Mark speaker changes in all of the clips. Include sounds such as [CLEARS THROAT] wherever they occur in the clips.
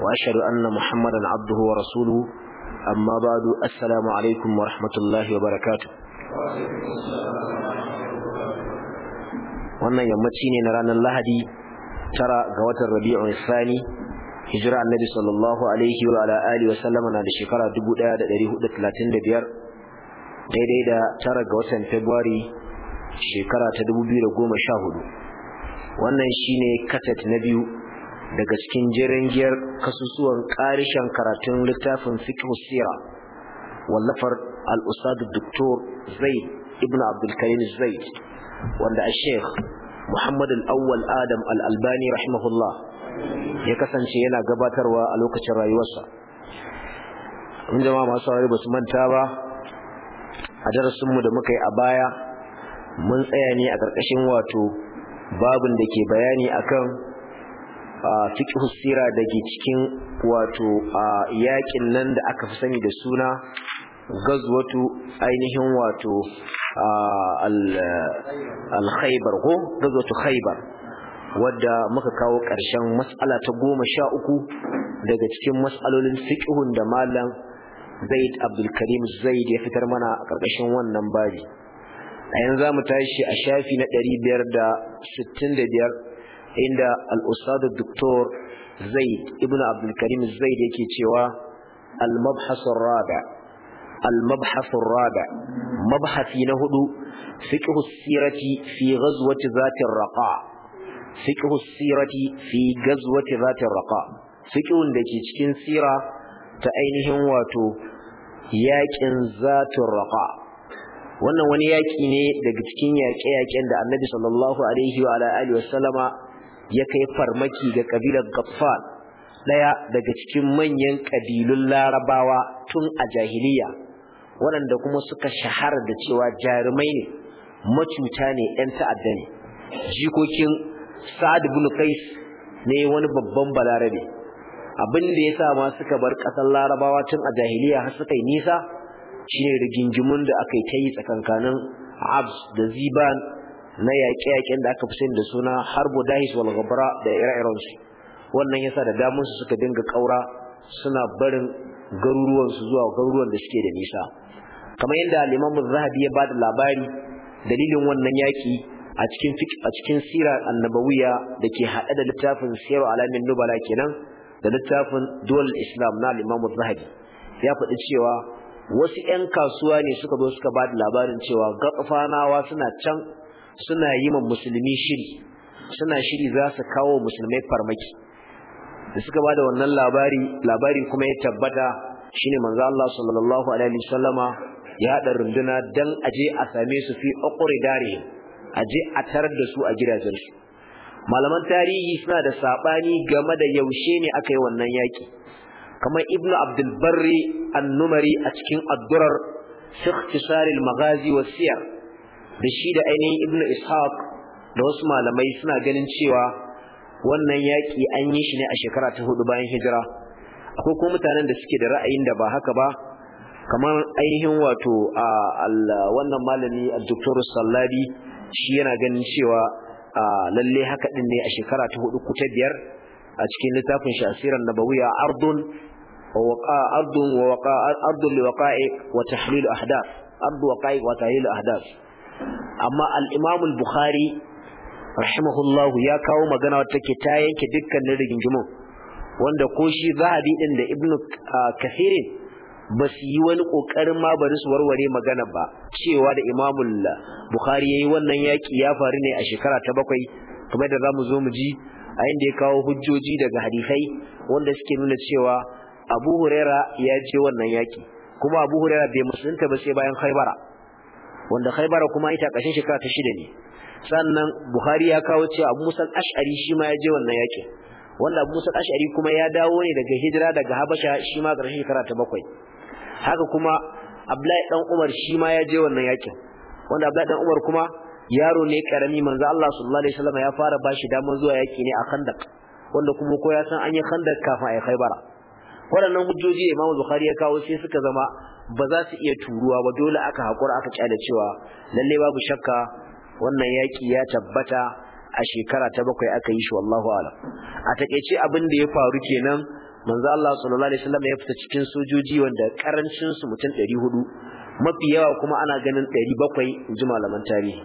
Speaker 1: وأشهد أن محمدا عبده ورسوله أما بعد السلام عليكم ورحمة الله وبركاته wannan yammaci ne na ranar Lahadi tara ga watan Rabi'un Sani hijira Annabi sallallahu alaihi wa ala alihi wa sallama na da shekara 1435 daidai da tara ga watan February shekara ta 2014 wannan shine kaset na biyu daga cikin giyar kasusuwan karishen karatun littafin fiqh sira wallafar al-ustad Dr. zaid ibn abdul karim zaid wanda a sheikh muhammad al-awwal adam al-albani rahimahullah ya kasance yana gabatarwa a lokacin rayuwarsa in jama'a masu saurari ba su manta ba a darasinmu da muka yi a baya mun tsaya ne a ƙarƙashin wato babin da ke bayani akan fiqh sira dake cikin wato yakin nan da aka fi sani da suna gazwatu ainihin wato al-khaybar ko gazwatu khaybar wadda muka kawo ƙarshen mas'ala ta goma sha uku daga cikin mas'alolin fiqhun da malam Zaid Abdul Karim Zaid ya fitar mana a ƙarƙashin wannan babi a yanzu za mu tashi a shafi na 565 inda al-ustad doktor zaid ibn Abdulkarim karim zaid yake cewa al-mabhas ar-rabi al-mabhas ar-rabi mabhasi na hudu fiqh as-sirati fi ghazwati zati ar-raqa fiqh as-sirati fi ghazwati zati ar-raqa da ke cikin sira ta ainihin wato yaƙin zatin raqa wannan wani yaƙi ne daga cikin yaƙe-yaƙen da annabi sallallahu alaihi wa alihi wasallama ya kai farmaki ga kabilar gafal daya daga cikin manyan kabilun Larabawa tun a jahiliya waɗanda kuma suka shahara da cewa jarumai ne macuta ne 'yan ta'adda ne jikokin Sa'ad ibn Qais ne wani babban balarabe abin da sa ma suka bar ƙasar Larabawa tun a jahiliya har suka yi nisa shine rigingimun da aka yi ta yi tsakankanin Abs da Ziban na yaƙe-yaƙen da aka fi sani da suna harbo, dahis wal ghabra da ire-irensu wannan yasa da damun su suka dinga ƙaura suna barin garuruwan su zuwa garuruwan da suke da nisa kamar yadda Limamu Zahabi ya bada labari dalilin wannan yaƙi a cikin a cikin sirar annabawiya da ke haɗe da littafin sirru alamin nubala kenan da littafin duwal islam na Limamu Zahabi ya faɗi cewa wasu 'yan kasuwa ne suka zo suka ba da labarin cewa gafanawa suna can suna yi ma musulmi shiri suna shiri za su kawo musulmai farmaki da suka bada wannan labari labari kuma ya tabbata shine manzo Allah sallallahu alaihi wasallama ya hada runduna dan aje a same su fi uqri dare aje a tarar da su a gidajen su malaman tarihi suna da saɓani game da yaushe ne aka yi wannan yaƙi. kamar Ibn abdul barri an-numari a cikin addurar durar fi ikhtisar al siyar da shi da ainihin ibn ishaq da wasu malamai suna ganin cewa wannan yaƙi an yi shi ne a shekara ta hudu bayan hijira akwai kuma mutanen da suke da ra'ayin da ba haka ba kamar ainihin wato a wannan malami dr sallabi shi yana ganin cewa lalle haka din ne a shekara ta hudu kuta biyar a cikin littafin shi na bawuya ardun ardun wa waqa ardun liwaqa'i wa tahlil amma al-Imam bukhari rahimahullahu ya kawo magana wata take ta yanke dukkanin rigingimin wanda ko shi zahabi din da Ibn Kathirin ba su yi wani kokarin ma bari su warware magana ba cewa da Imam al-Bukhari yayi wannan yaki ya faru ne a shekara ta bakwai kamar da zamu zo mu ji a inda ya kawo hujjoji daga hadisai wanda suke nuna cewa Abu Huraira ya je wannan yaki kuma Abu Huraira bai musulunta ba sai bayan Khaibara wanda khaybara kuma ita kashin shekara ta shida ne sannan buhari ya kawo cewa abu musa ash'ari shi ma ya je wannan yakin wanda abu musa ash'ari kuma ya dawo ne daga hijira daga habasha shi ma karshen shekara ta bakwai haka kuma abdullahi dan umar shi ma ya je wannan yakin wanda abdullahi dan umar kuma yaro ne karami manzo Allah sallallahu alaihi wasallam ya fara bashi damar zuwa yaki ne a khandak wanda kuma ko ya san an yi khandak kafin a yi Khaibara waɗannan hujjoji Imam Bukhari ya kawo sai suka zama ba za su iya turuwa ba dole aka haƙura aka kyale cewa lalle babu shakka wannan yaƙi ya tabbata a shekara ta bakwai aka yi shi wallahu ala a taƙaice abin da ya faru kenan manzo Allah sallallahu alaihi wasallam ya fita cikin sojoji wanda karancin su mutum 400 mafi yawa kuma ana ganin 700 inji malaman tarihi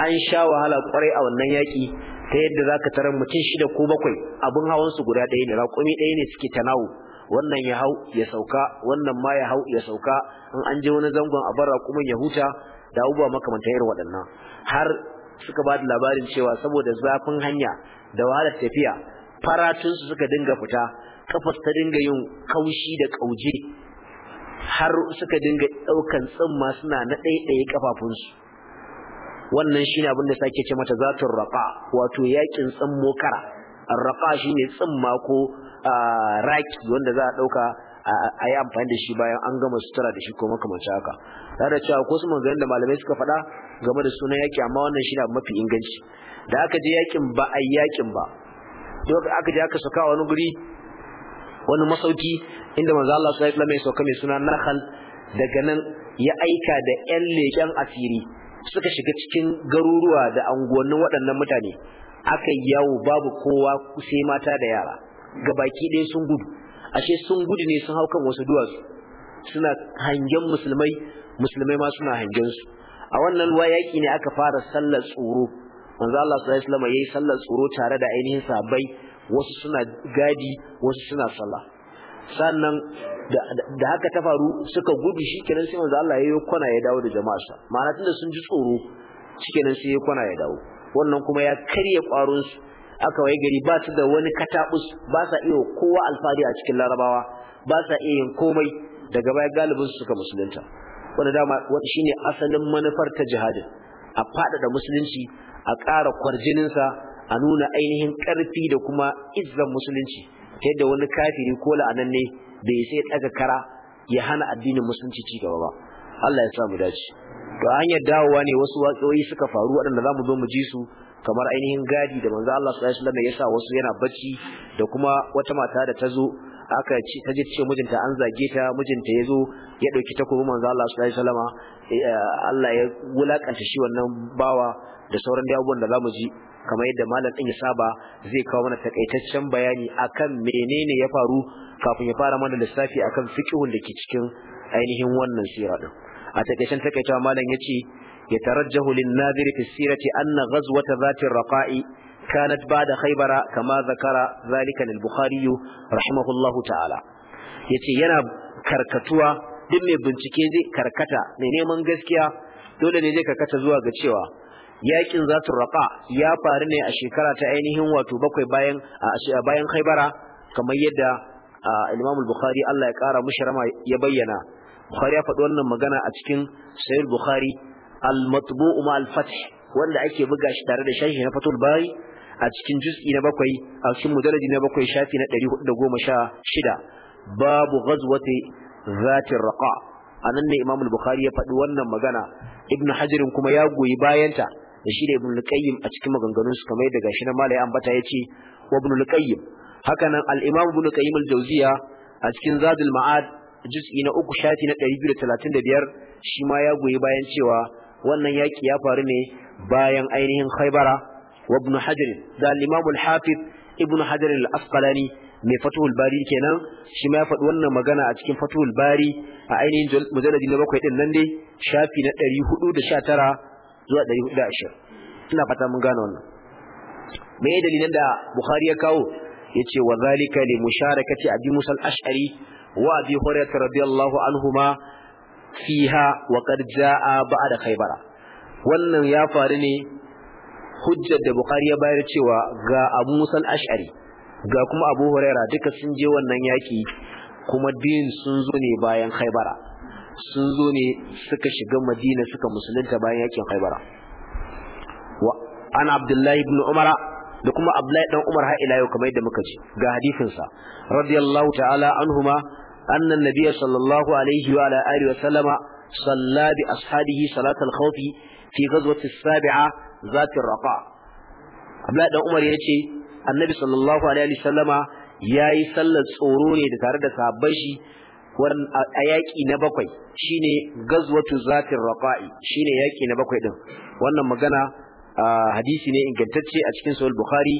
Speaker 1: an sha wahala kwarai a wannan yaki ta yadda zaka tarar mutum shida ko bakwai abin hawan su guda ɗaya ne raƙumi ɗaya ne suke tanawo wannan ya hau ya sauka wannan ma ya hau ya sauka in an je wani zangon a bar kuma ya huta da abubuwa makamanta irin waɗannan har suka ba da labarin cewa saboda zafin hanya da wahalar tafiya faratunsu suka dinga fita kafas ta dinga yin kaushi da ƙauje har suka dinga ɗaukan tsimma suna na ɗaiɗaye kafafunsu wannan shine abin da sake ce mata zatun raqa wato yakin tsammo kara shi shine tsumma ko raki wanda za a ɗauka a yi amfani da shi bayan an gama sutura da shi ko makamanci haka ta da cewa ko su maganganun da malamai suka faɗa game da sunan yaki amma wannan shi na mafi inganci da aka je yakin ba a yi yakin ba duk aka je aka saka wani guri wani masauki inda manzo Allah sallallahu alaihi wasallam ya sauka mai suna nahal daga nan ya aika da ƴan leƙen asiri suka shiga cikin garuruwa da anguwannin waɗannan mutane aka yawo babu kowa sai mata da yara ga baki ɗaya sun gudu ashe sun gudu ne sun hau kan wasu duwatsu suna hangen musulmai musulmai ma suna hangen su a wannan ruwa yaƙi ne aka fara sallar tsoro manzo Allah sallallahu alaihi wasallam yayi sallar tsoro tare da ainihin sahabbai wasu suna gadi wasu suna sallah sannan da haka ta faru suka gudu shikenan sai manzo Allah yayi kwana ya dawo da jama'arsa ma'ana tunda sun ji tsoro shikenan sai ya kwana ya dawo wannan kuma ya karya kwaron su aka waye gari ba su da wani katabus ba sa iya kowa alfari a cikin larabawa ba sa iya yin komai daga baya galibin su suka musulunta wanda dama wata shine asalin manufar ta jihadin a faɗaɗa musulunci a ƙara kwarjininsa a nuna ainihin ƙarfi da kuma izzan musulunci ta yadda wani kafiri ko la'ananne bai sai ɗaga kara ya hana addinin musulunci ci gaba ba Allah ya sa mu dace to hanyar dawowa ne wasu waƙoƙi suka faru waɗanda za mu zo mu ji su kamar ainihin gadi da manzo Allah sallallahu alaihi wasallam ya wasu yana bacci da kuma wata mata da ta zo aka ci ta ce mijinta an zage ta mijinta ya zo ya ɗauki takobi manzo Allah sallallahu alaihi wasallam eh, Allah ya wulakanta shi wannan bawa da sauran abubuwan da zamu ji kamar yadda malam din ya saba zai kawo mana takaitaccen bayani akan menene ya faru kafin ya fara mana lissafi akan fiqhun da ke cikin ainihin wannan sira din a takaicen takaitawa malam yace يترجه للناظر في السيرة أن غزوة ذات الرقاء كانت بعد خيبر كما ذكر ذلك للبخاري رحمه ta'ala. Ya ce yana karkatuwa duk mai bincike zai karkata mai neman gaskiya dole ne zai karkata zuwa ga cewa yakin zatul raqa ya faru ne a shekara ta ainihin wato bakwai a bayan khaybara kamar yadda Imam al-Bukhari Allah ya kara mushi rama ya bayyana Bukhari ya faɗi wannan magana a cikin Sahih Bukhari al-matbu'u al-fath wanda ake buga shi tare da sharhi na fatul bari a cikin juz'i na bakwai a cikin mujalladi na bakwai shafi na 416 babu ghazwati zatir raqa anan ne imam bukhari ya faɗi wannan magana ibnu hajarin kuma ya goyi bayanta da shi da ibnu qayyim a cikin maganganun su kamar daga shi na malai ambata yace wa ibnu al-qayyim haka nan al-imam ibnu qayyim al-jawziya a cikin zadul ma'ad juz'i na 3 shafi na 235 shi ma ya goyi bayan cewa wannan yaki ya faru ne bayan ainihin Khaybara wa Ibn Hajar da Imam Al-Hafiz Ibn Hajar Al-Asqalani mai Fathul Bari kenan shi ma ya faɗi wannan magana a cikin Fathul Bari a ainihin mujalladi na bakwai din nan dai shafi na 419 zuwa 420 ina fata mun gane wannan me ya dalilan da Bukhari ya kawo yace wa zalika li musharakati abi Musa al-Ash'ari wa abi Hurairah radiyallahu anhuma fiha wa a ba'a da khaybara wannan ya faru ne hujjar da bukari ya bayar cewa ga abu musan ashari ga kuma abu huraira duka sun je wannan yaki kuma din sun zo ne bayan khaibara. sun zo ne suka shiga madina suka musulunta bayan yakin khaibara wa an abdullahi ibn umara da kuma abdullahi dan umar har ila yau kamar yadda muka ci ga hadisin sa radiyallahu ta'ala anhuma annan nabiyya sallallahu alaihi wa ala wa sallama salla bi ashabihi salatal khawfi fi ghazwati as-sabi'a zati raqa Abdullahi dan Umar yace annabi sallallahu alaihi wa sallama yayi sallar tsoro ne tare da sahabban shi a yaƙi na bakwai shine zafin zatin raqa'i shine yaƙi na bakwai din wannan magana hadisi ne ingantacce a cikin sahih bukhari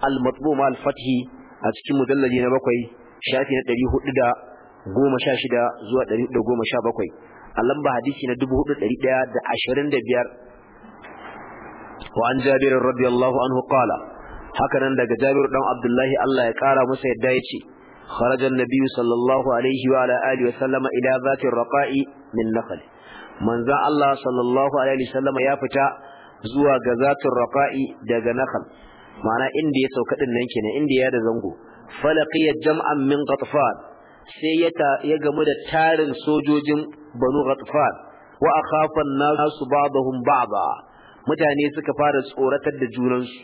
Speaker 1: al al-fathi a cikin mujalladi na bakwai shafi na da. goma sha shida zuwa ɗari da goma sha bakwai a lamba hadisi na dubu hudu ɗari ɗaya da ashirin da biyar وعن جابر رضي الله عنه قال هكذا daga جابر بن عبد الله الله يقرا masa yadda yace خرج النبي صلى الله عليه وعلى اله وسلم الى ذات الرقاء من نخل manzo Allah sallallahu alaihi wasallam ya fita zuwa ga raka'i daga nakhal ma'ana inda ya sauka din nan kenan inda ya da zango falaqiya jam'an min sai ya gamu da tarin sojojin banu ghatfan wa akhafan nasu ba'dahum ba'da mutane suka fara tsoratar da junansu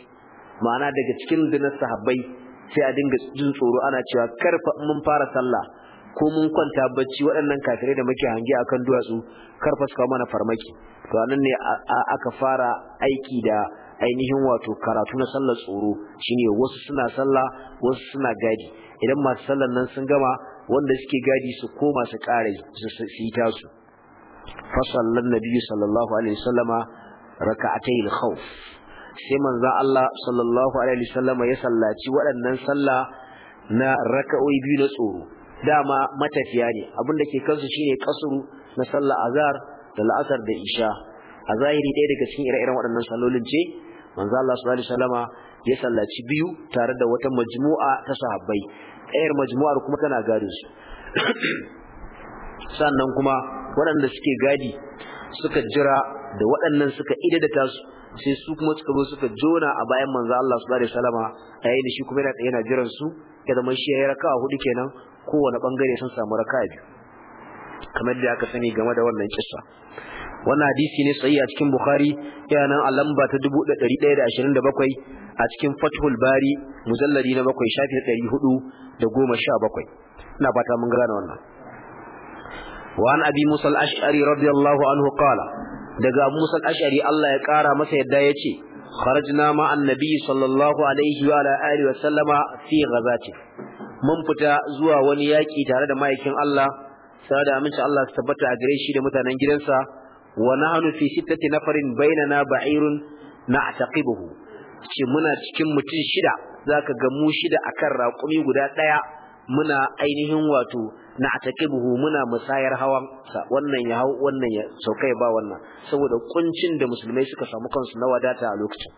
Speaker 1: ma'ana daga cikin dinar sahabbai sai a dinga jin tsoro ana cewa karfa mun fara sallah ko mun kwanta bacci waɗannan kafirai da muke hange akan duwatsu karfa su kawo mana farmaki to anan ne aka fara aiki da ainihin wato karatu na sallar tsoro shine wasu suna sallah wasu suna gadi idan masu sallar nan sun gama wanda suke gadi su koma su kare su yi tasu fasallan nabiyyu sallallahu alaihi wasallama raka'atay al-khawf sai manzon Allah sallallahu alaihi wasallama ya sallaci waɗannan sallah na raka'o'i biyu na tsoro dama matafiya ne abin da ke kansu shine kasuru na sallah azhar da la'asar da isha a zahiri ɗaya daga cikin ire-iren waɗannan sallolin ce manzo Allah sallallahu alaihi wasallama ya sallaci biyu tare da wata majmu'a ta sahabbai ɗayar majmu'ar kuma tana gado su sannan kuma waɗanda suke gadi suka jira da waɗannan suka idadata su sai su kuma suka zo suka jona a bayan manzo Allah subhanahu alaihi wasallama yayin da shi kuma yana yana jiran su ya zama shi yayi raka'a hudu kenan kowane bangare sun samu raka'a biyu kamar da aka sani game da wannan kissa wannan hadisi ne sahihi a cikin Bukhari yana nan a lamba ta 1127 a cikin Fathul Bari muzallari na 7 shafi 400 da goma sha bakwai ina bata mun gane wannan wa abi musa al-ash'ari radiyallahu anhu qala daga musa al-ash'ari Allah ya kara masa yadda ya kharajna ma annabi sallallahu alaihi wa ala alihi wa sallama fi ghazati mun fita zuwa wani yaki tare da ma'aikin Allah sai da aminci Allah su tabbata a gare shi da mutanen gidansa wa nahnu fi sittati nafarin bainana ba'irun na'taqibuhu ce muna cikin mutum shida zaka ga mu shida akan raƙumi guda ɗaya muna ainihin wato na buhu muna musayar hawan sa wannan ya hau wannan ya ya ba wannan saboda kuncin da musulmai suka samu kansu na wadata a lokacin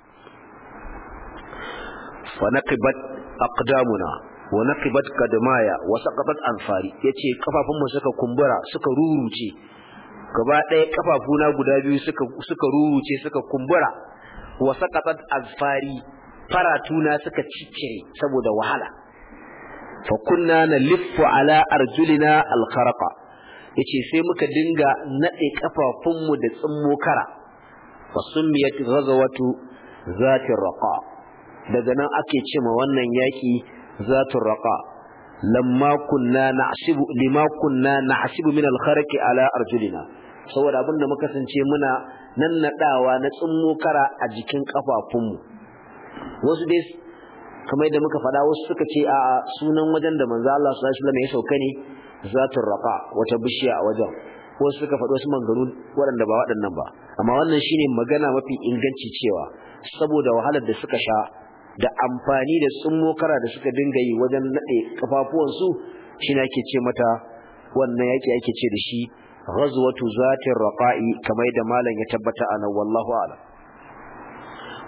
Speaker 1: fa naqibat aqdamuna wa naqibat qadamaya wa saqatat anfari yace kafafun mu suka kumbura suka ruruce gaba ɗaya kafafuna guda biyu suka suka ruruce suka kumbura wa saqatat anfari faratuna suka ciccire saboda wahala fa kunna naliffu ala arjulina alkharaqa yace sai muka dinga nade kafafunmu da tsimmo kara fa summiyat ghazawatu zatir raqa daga nan ake ma wannan yaki zatir raqa lamma kunna lima kunna min alkharaqi ala arjulina saboda abinda muka sance muna nannadawa na tsimmo kara a jikin kafafunmu wasu dai kamar da muka faɗa wasu suka ce a sunan wajen da manzo Allah sallallahu alaihi wasallam ya sauka ne zatul raqa wata bishiya a wajen wasu suka faɗo wasu mangaru waɗanda ba waɗannan ba amma wannan shine magana mafi inganci cewa saboda wahalar da suka sha da amfani da tsummo kara da suka dinga yi wajen nade kafafuwansu shi ne ake ce mata wannan yaki ake ce da shi ghazwatu zatir raqa'i kamar da malam ya tabbata ana wallahu a'lam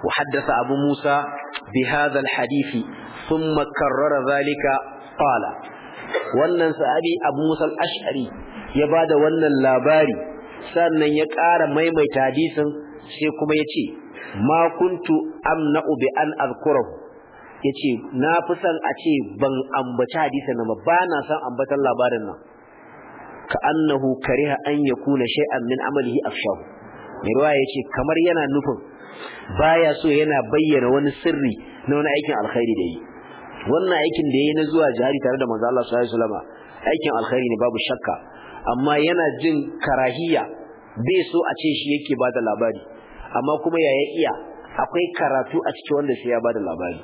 Speaker 1: وحدث أبو موسى بهذا الحديث ثم كرر ذلك قال wannan sahabi Abu Musa ashari ya da wannan labari sannan ya ƙara maimaita hadisin sai kuma yace ma kuntu amna'u bi an azkurahu yace na fi son a ce ban ambaci hadisin nan ba na son ambatan labarin nan ka annahu kariha an kuna shay'an min amalihi afshahu mai ya yace kamar yana nufin baya so yana bayyana wani sirri na wani aikin alkhairi da yi wannan aikin da yayi na zuwa jihari tare da manzo Allah sallallahu alaihi wasallam aikin alkhairi ne babu shakka amma yana jin karahiya bai so a ce shi yake bada labari amma kuma yaya iya akwai karatu a cikin wanda sai ya bada labari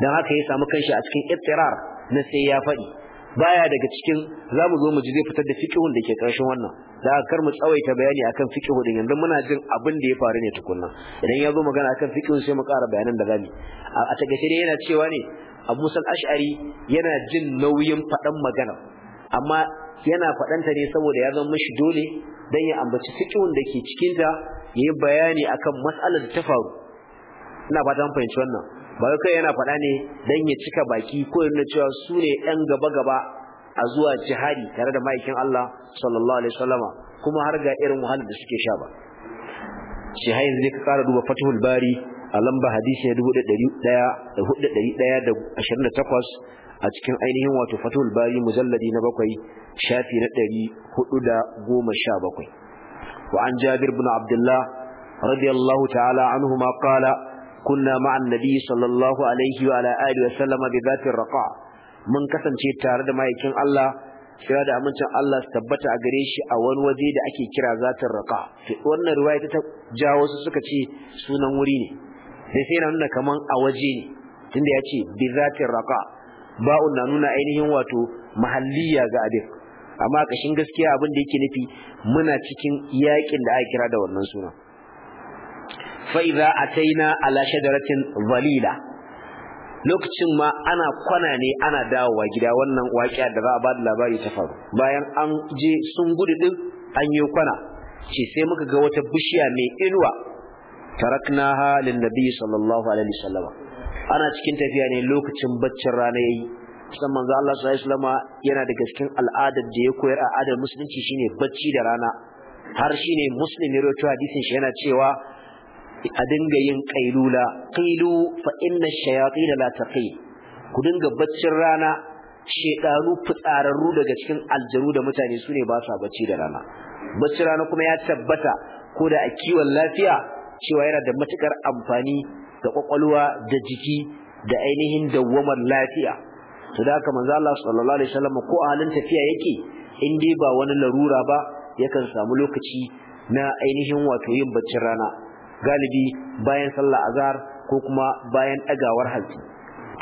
Speaker 1: dan haka ya samu kanshi a cikin ittirar na sai ya faɗi baya daga cikin za mu zo mu ji zai fitar da fiƙihun da ke karshen wannan da kar mu tsawaita bayani akan fiqhu din yanzu muna jin abin da ya faru ne tukunna idan ya zo magana akan fiƙihun sai mu ƙara bayanan da zamu a takaice dai yana cewa ne Abu al Ash'ari yana jin nauyin faɗan magana amma yana faɗanta ne saboda ya zama mishi dole dan ya ambaci fiƙihun da ke cikin ta yayi bayani akan mas'alar da ta faru ina fata fahimci wannan ba kai yana faɗa ne dan ya cika baki ko yana cewa su ne ɗan gaba gaba a zuwa jihadi tare da ma'aikin Allah sallallahu alaihi wasallama kuma har ga irin wahalar da suke sha ba shi har yanzu ka ƙara duba Fathul Bari a lamba hadisi da 1128 a cikin ainihin wato Fathul Bari mujalladi na bakwai shafi na 417 wa an Jabir ibn Abdullah radiyallahu ta'ala anhu ma qala kunna مع النبي sallallahu alaihi wa وعلى alihi wa بذات الرقاع من raqa mun kasance tare da ma'aikin Allah kira da amincin Allah su tabbata a gare shi a wani waje da ake kira zatin raqa wannan ruwa ta jawo su suka ce sunan wuri ne sai sai na nuna kaman a waje ne tunda ya ce bi zatin raka ba'un na nuna ainihin wato mahalliya ga abin amma kashin gaskiya abin da yake nufi muna cikin yakin da aka kira da wannan sunan fa idza ataina da shajaratin zalila lokacin ma ana kwana ne ana dawowa gida wannan waƙiya da za a ba da labari ta faru bayan an je sun gudu din an yi kwana ce sai muka ga wata bishiya mai inuwa halin lin nabi sallallahu alaihi wasallam ana cikin tafiya ne lokacin baccin rana yayi san manzo Allah sallallahu alaihi yana da cikin al'adar da ya koyar al'adar musulunci shine bacci da rana har shine ne ne rawaito hadisin shi yana cewa a dinga yin kailula qailu fa inna shayatin la taqi ku dinga baccin rana shekaru, fitsararru daga cikin aljaru da mutane sune ba sa bacci da rana baccin rana kuma ya tabbata ko da a kiwon lafiya cewa yana da matukar amfani ga ƙwaƙwalwa da jiki da ainihin dawwamar lafiya to da haka manzo Allah sallallahu alaihi wasallam ko a halin tafiya yake in dai ba wani larura ba yakan samu lokaci na ainihin wato yin baccin rana galibi bayan sallah azhar ko kuma bayan dagawar hantsi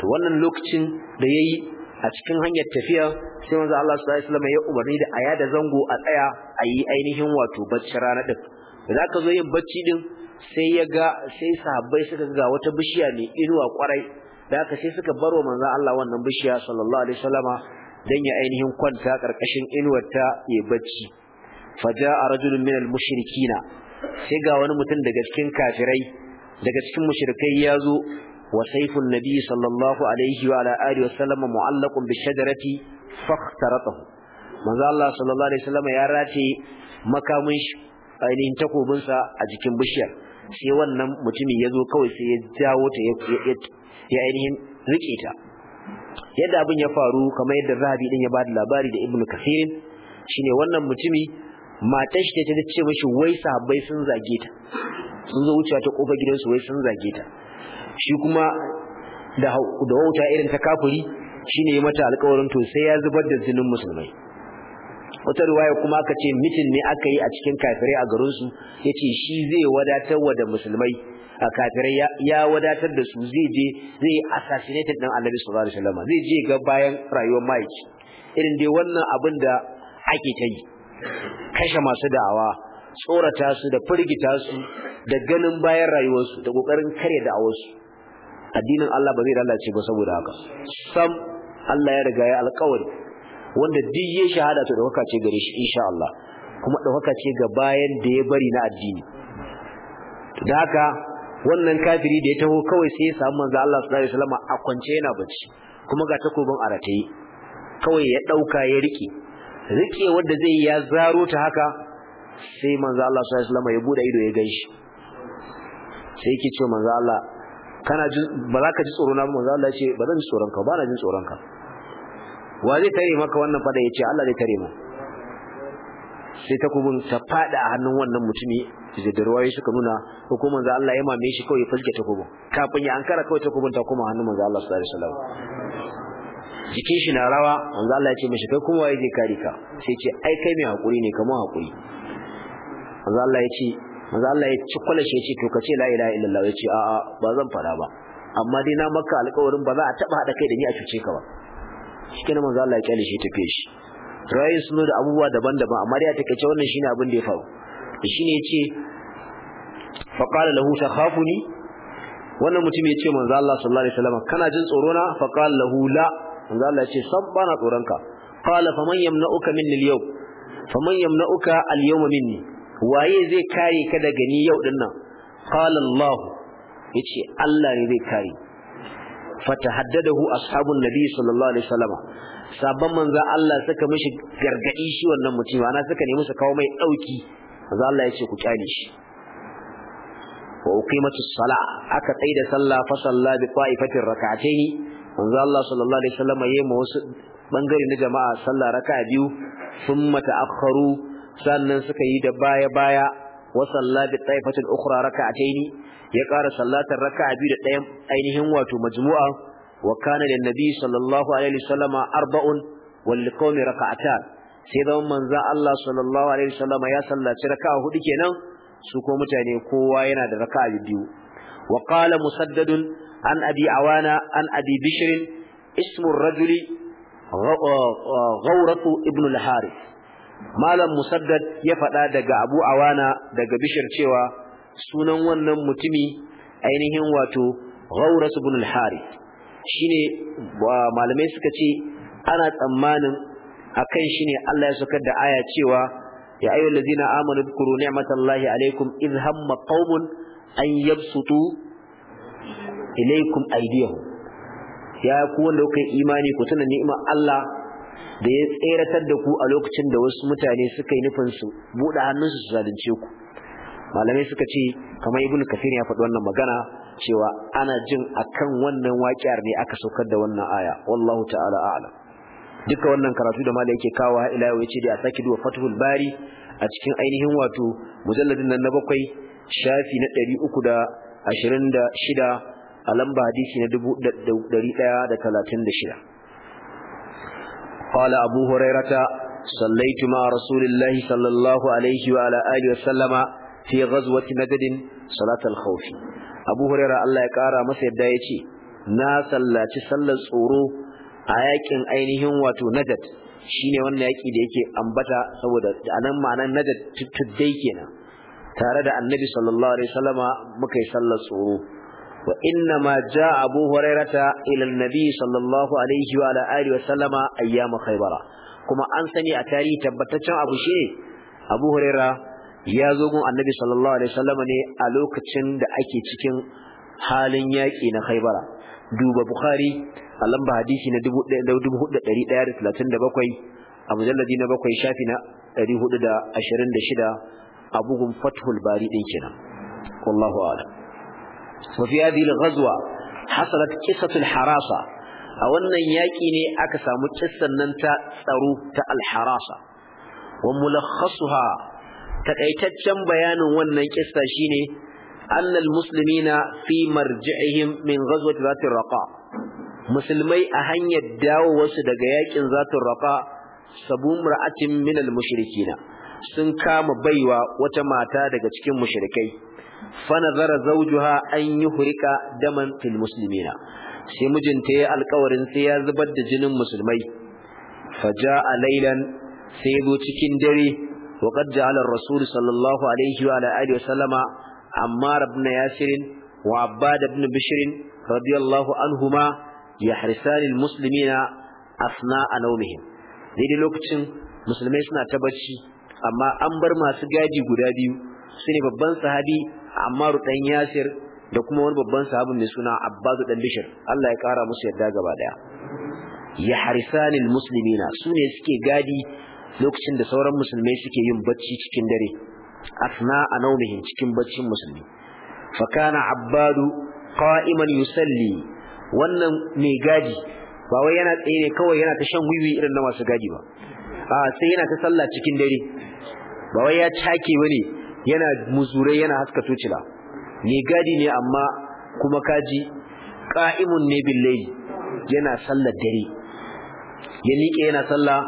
Speaker 1: to wannan lokacin da yayi a cikin hanyar tafiya sai manzo Allah sallallahu alaihi wasallam ya umarni da aya da zango a tsaya a yi ainihin wato bacci rana din da ka zo yin bacci din sai ya ga sai sahabbai suka ga wata bishiya mai inuwa kwarai da aka sai suka baro manzo Allah wannan bishiya sallallahu alaihi wasallama dan ya ainihin kwanta karkashin inuwarta ya bacci faja'a rajulun minal mushrikina sai ga wani mutum daga cikin kafirai daga cikin mushrikai ya zo wa saifun nabi sallallahu alaihi wa ala alihi wasallam mu'allaqun bi shajarati fakhtaratahu manzo Allah sallallahu alaihi wasallam ya race makamin shi ainihin takobin sa a jikin bishiyar sai wannan mutumin ya zo kawai sai ya jawo ta ya ainihin rike ta yadda abin ya faru kamar yadda zahabi din ya ba da labari da Ibn Kathir shine wannan mutumi matar shi ta ce mashi wai sahabbai sun zage ta sun zo wucewa ta kofar gidansu wai sun zage ta shi kuma da wauta irin ta kafuri shine ya mata alƙawarin to sai ya zubar da zinin musulmai wata ruwaya kuma aka ce mitin ne aka yi a cikin kafirai a garinsu su yace shi zai wadatar wa da musulmai a kafirai ya wadatar da su zai je zai assassinated din Annabi sallallahu alaihi wasallam zai je ga bayan rayuwar maiki irin dai wannan abin da ake ta yi kashe masu da'awa tsorata su da firgita su da ganin bayan rayuwarsu da kokarin kare da'awarsu addinin Allah ba zai lalace ba saboda haka sam Allah ya riga ya alƙawari wanda duk ya shahada to dauka ce gare shi insha Allah kuma dauka ce ga bayan da ya bari na addini da haka wannan kafiri da ya taho kawai sai ya samu manzo Allah sallallahu alaihi wasallam a kwance yana bacci kuma ga takobin aratayi kawai ya dauka ya rike rike wanda zai ya zaro ta haka sai manzo Allah sallallahu alaihi wasallam ya bude ido ya ganshi sai yake ce manzo Allah kana ji ba za ka ji tsoro na manzo Allah ya ce ba zan ji tsoron ka ba na jin tsoron ka wa zai tare maka wannan fada ya ce Allah zai tare mu sai kubun ta fada a hannun wannan mutumi da ruwaye suka nuna ko manzo Allah ya mame shi kawai ya fulge kubun kafin ya ankara kawai kubun ta kuma hannun manzo Allah sallallahu alaihi wasallam jikin shi na rawa manzo Allah ya ce mishi kai kuma waye zai kare ka sai ce ai kai mai hakuri ne kamar hakuri manzo Allah ya ce manzo Allah ya ci kwala shi ya ce to ka ce la ilaha illallah ya ce a'a ba zan fara ba amma dai na maka alƙawarin ba za a taba hada kai da ni a cuce ka ba shikenan manzo Allah ya kyale shi tafe shi rayu suno da abubuwa daban-daban amma dai a takeice wannan shine abin da ya faru shine yace fa qala lahu takhafuni wannan mutum ya ce manzo Allah sallallahu alaihi wasallam kana jin tsoro na fa qala lahu la manzo Allah ya ce sam bana tsoron ka qala faman yamna'uka minni al-yawm faman yamna'uka al-yawma minni waye zai kare ka daga ni yau dinnan? nan qala Allah yace Allah ne zai kare fatahaddadahu ashabun nabi sallallahu alaihi wasallam sabon manzo Allah suka mishi gargadi shi wannan mutum ana suka nemi su kawo mai dauki manzo Allah yace ku kyale shi wa uqimatus sala aka tsaida sallah fa salla bi qa'ifati rak'atayn manzo Allah sallallahu alaihi wasallam yayi ma wasu bangare na jama'a sallah raka'a biyu thumma ta'akhkharu sannan suka yi da baya baya wa salla bi taifatin ukhra raka'atayn ya ƙara sallatar raka'a biyu da ɗayan ainihin wato majmu'a wa kana lin nabi sallallahu alaihi wasallama arba'un wal liqawmi raka'atan sai zaman manzo Allah sallallahu alaihi wasallama ya sallaci raka'a hudu kenan su ko mutane kowa yana da raka'a biyu wa qala musaddadun an abi awana an abi bishrin ismu rajuli ghauratu ibn al-harith malam musaddad ya faɗa daga abu awana daga bishiyar cewa sunan wannan mutumi ainihin wato ghauratu ibn al-harith shine malamai suka ce ana tsammanin akan shine Allah ya saukar da aya cewa ya ayyuhallazina amanu dhkuru ni'matallahi alaikum idh hamma qaumun an yabsutu ilaikum aidiyahu ya ku wanda kuka yi imani ku tuna ni'imar Allah da ya tseratar da ku a lokacin da wasu mutane suka yi nufin su buɗe hannunsu su zalunce ku malamai suka ce kamar ibn kafir ya faɗi wannan magana cewa ana jin akan wannan waƙiyar ne aka saukar da wannan aya wallahu ta'ala a'lam duka wannan karatu da malai yake kawo ila yace da a saki duwa fathul bari a cikin ainihin wato mujalladin nan na bakwai shafi na 326 a lamba hadisi na shida. qala abu hurairata sallaitu ma rasulillahi sallallahu alaihi wa ala alihi wa sallama fi ghazwati najd salat al abu huraira Allah ya kara masa yadda ce na sallaci sallar tsoro a yakin ainihin wato Shi shine wannan yaki da yake ambata saboda anan ma'anan najd tuddai kenan tare da annabi sallallahu alaihi wasallama muka yi sallar tsoro wa inna ma ja abu hurairata ila annabi sallallahu alaihi wa alihi wa sallama ayyam khaybara kuma an sani a tarihi tabbataccen abu shi abu huraira ya zo gun annabi sallallahu alaihi sallama ne a lokacin da ake cikin halin yaki na khaybara duba bukhari a lamba hadisi na 4137 a mujalladi na bakwai shafi na 426 a bugun fathul bari din kenan wallahu a'lam وفي هذه الغزوة حصلت قصة الحراسة أولا ياكيني أكسام قصة ننتا ثروت الحراسة وملخصها تقيتتشم بيان وانا قصة شيني أن المسلمين في مرجعهم من غزوة ذات الرقاء مسلمي أهن يدعو وسدق ياكين ذات الرقاء سبوم رأة من المشركين سنكام بيوة وتماتا دقا تكين مشركين fa nazara zawjuha an yuhrika daman fil muslimina sai mijinta ya alkawarin sai ya zubar da jinin musulmai faja'a laylan sai zo cikin dare wa qad ja'ala ar-rasul sallallahu alaihi wa alihi wa sallama ammar ibn yasir wa abbad ibn bishr radiyallahu anhuma yahrisan al-muslimina asna'a nawmihim daidai lokacin musulmai suna ta bacci amma an bar masu gadi guda biyu su ne babban sahabi ammaru dan Yasir da kuma wani babban sahabin mai suna abbasu dan bishir Allah ya kara musu yadda gaba daya ya harisanil muslimina sune suke gadi lokacin da sauran musulmai suke yin bacci cikin dare asna a naumihim cikin baccin musulmi fa kana abbadu qa'iman yusalli wannan mai gadi ba wai yana tsaye ne kawai yana ta shan wiwi irin na masu gadi ba a sai yana ta sallah cikin dare ba wai ya cake bane yana muzurai yana haska tocila mai gadi ne amma kuma kaji ƙa'imun ne billahi yana sallar dare ya nike yana sallah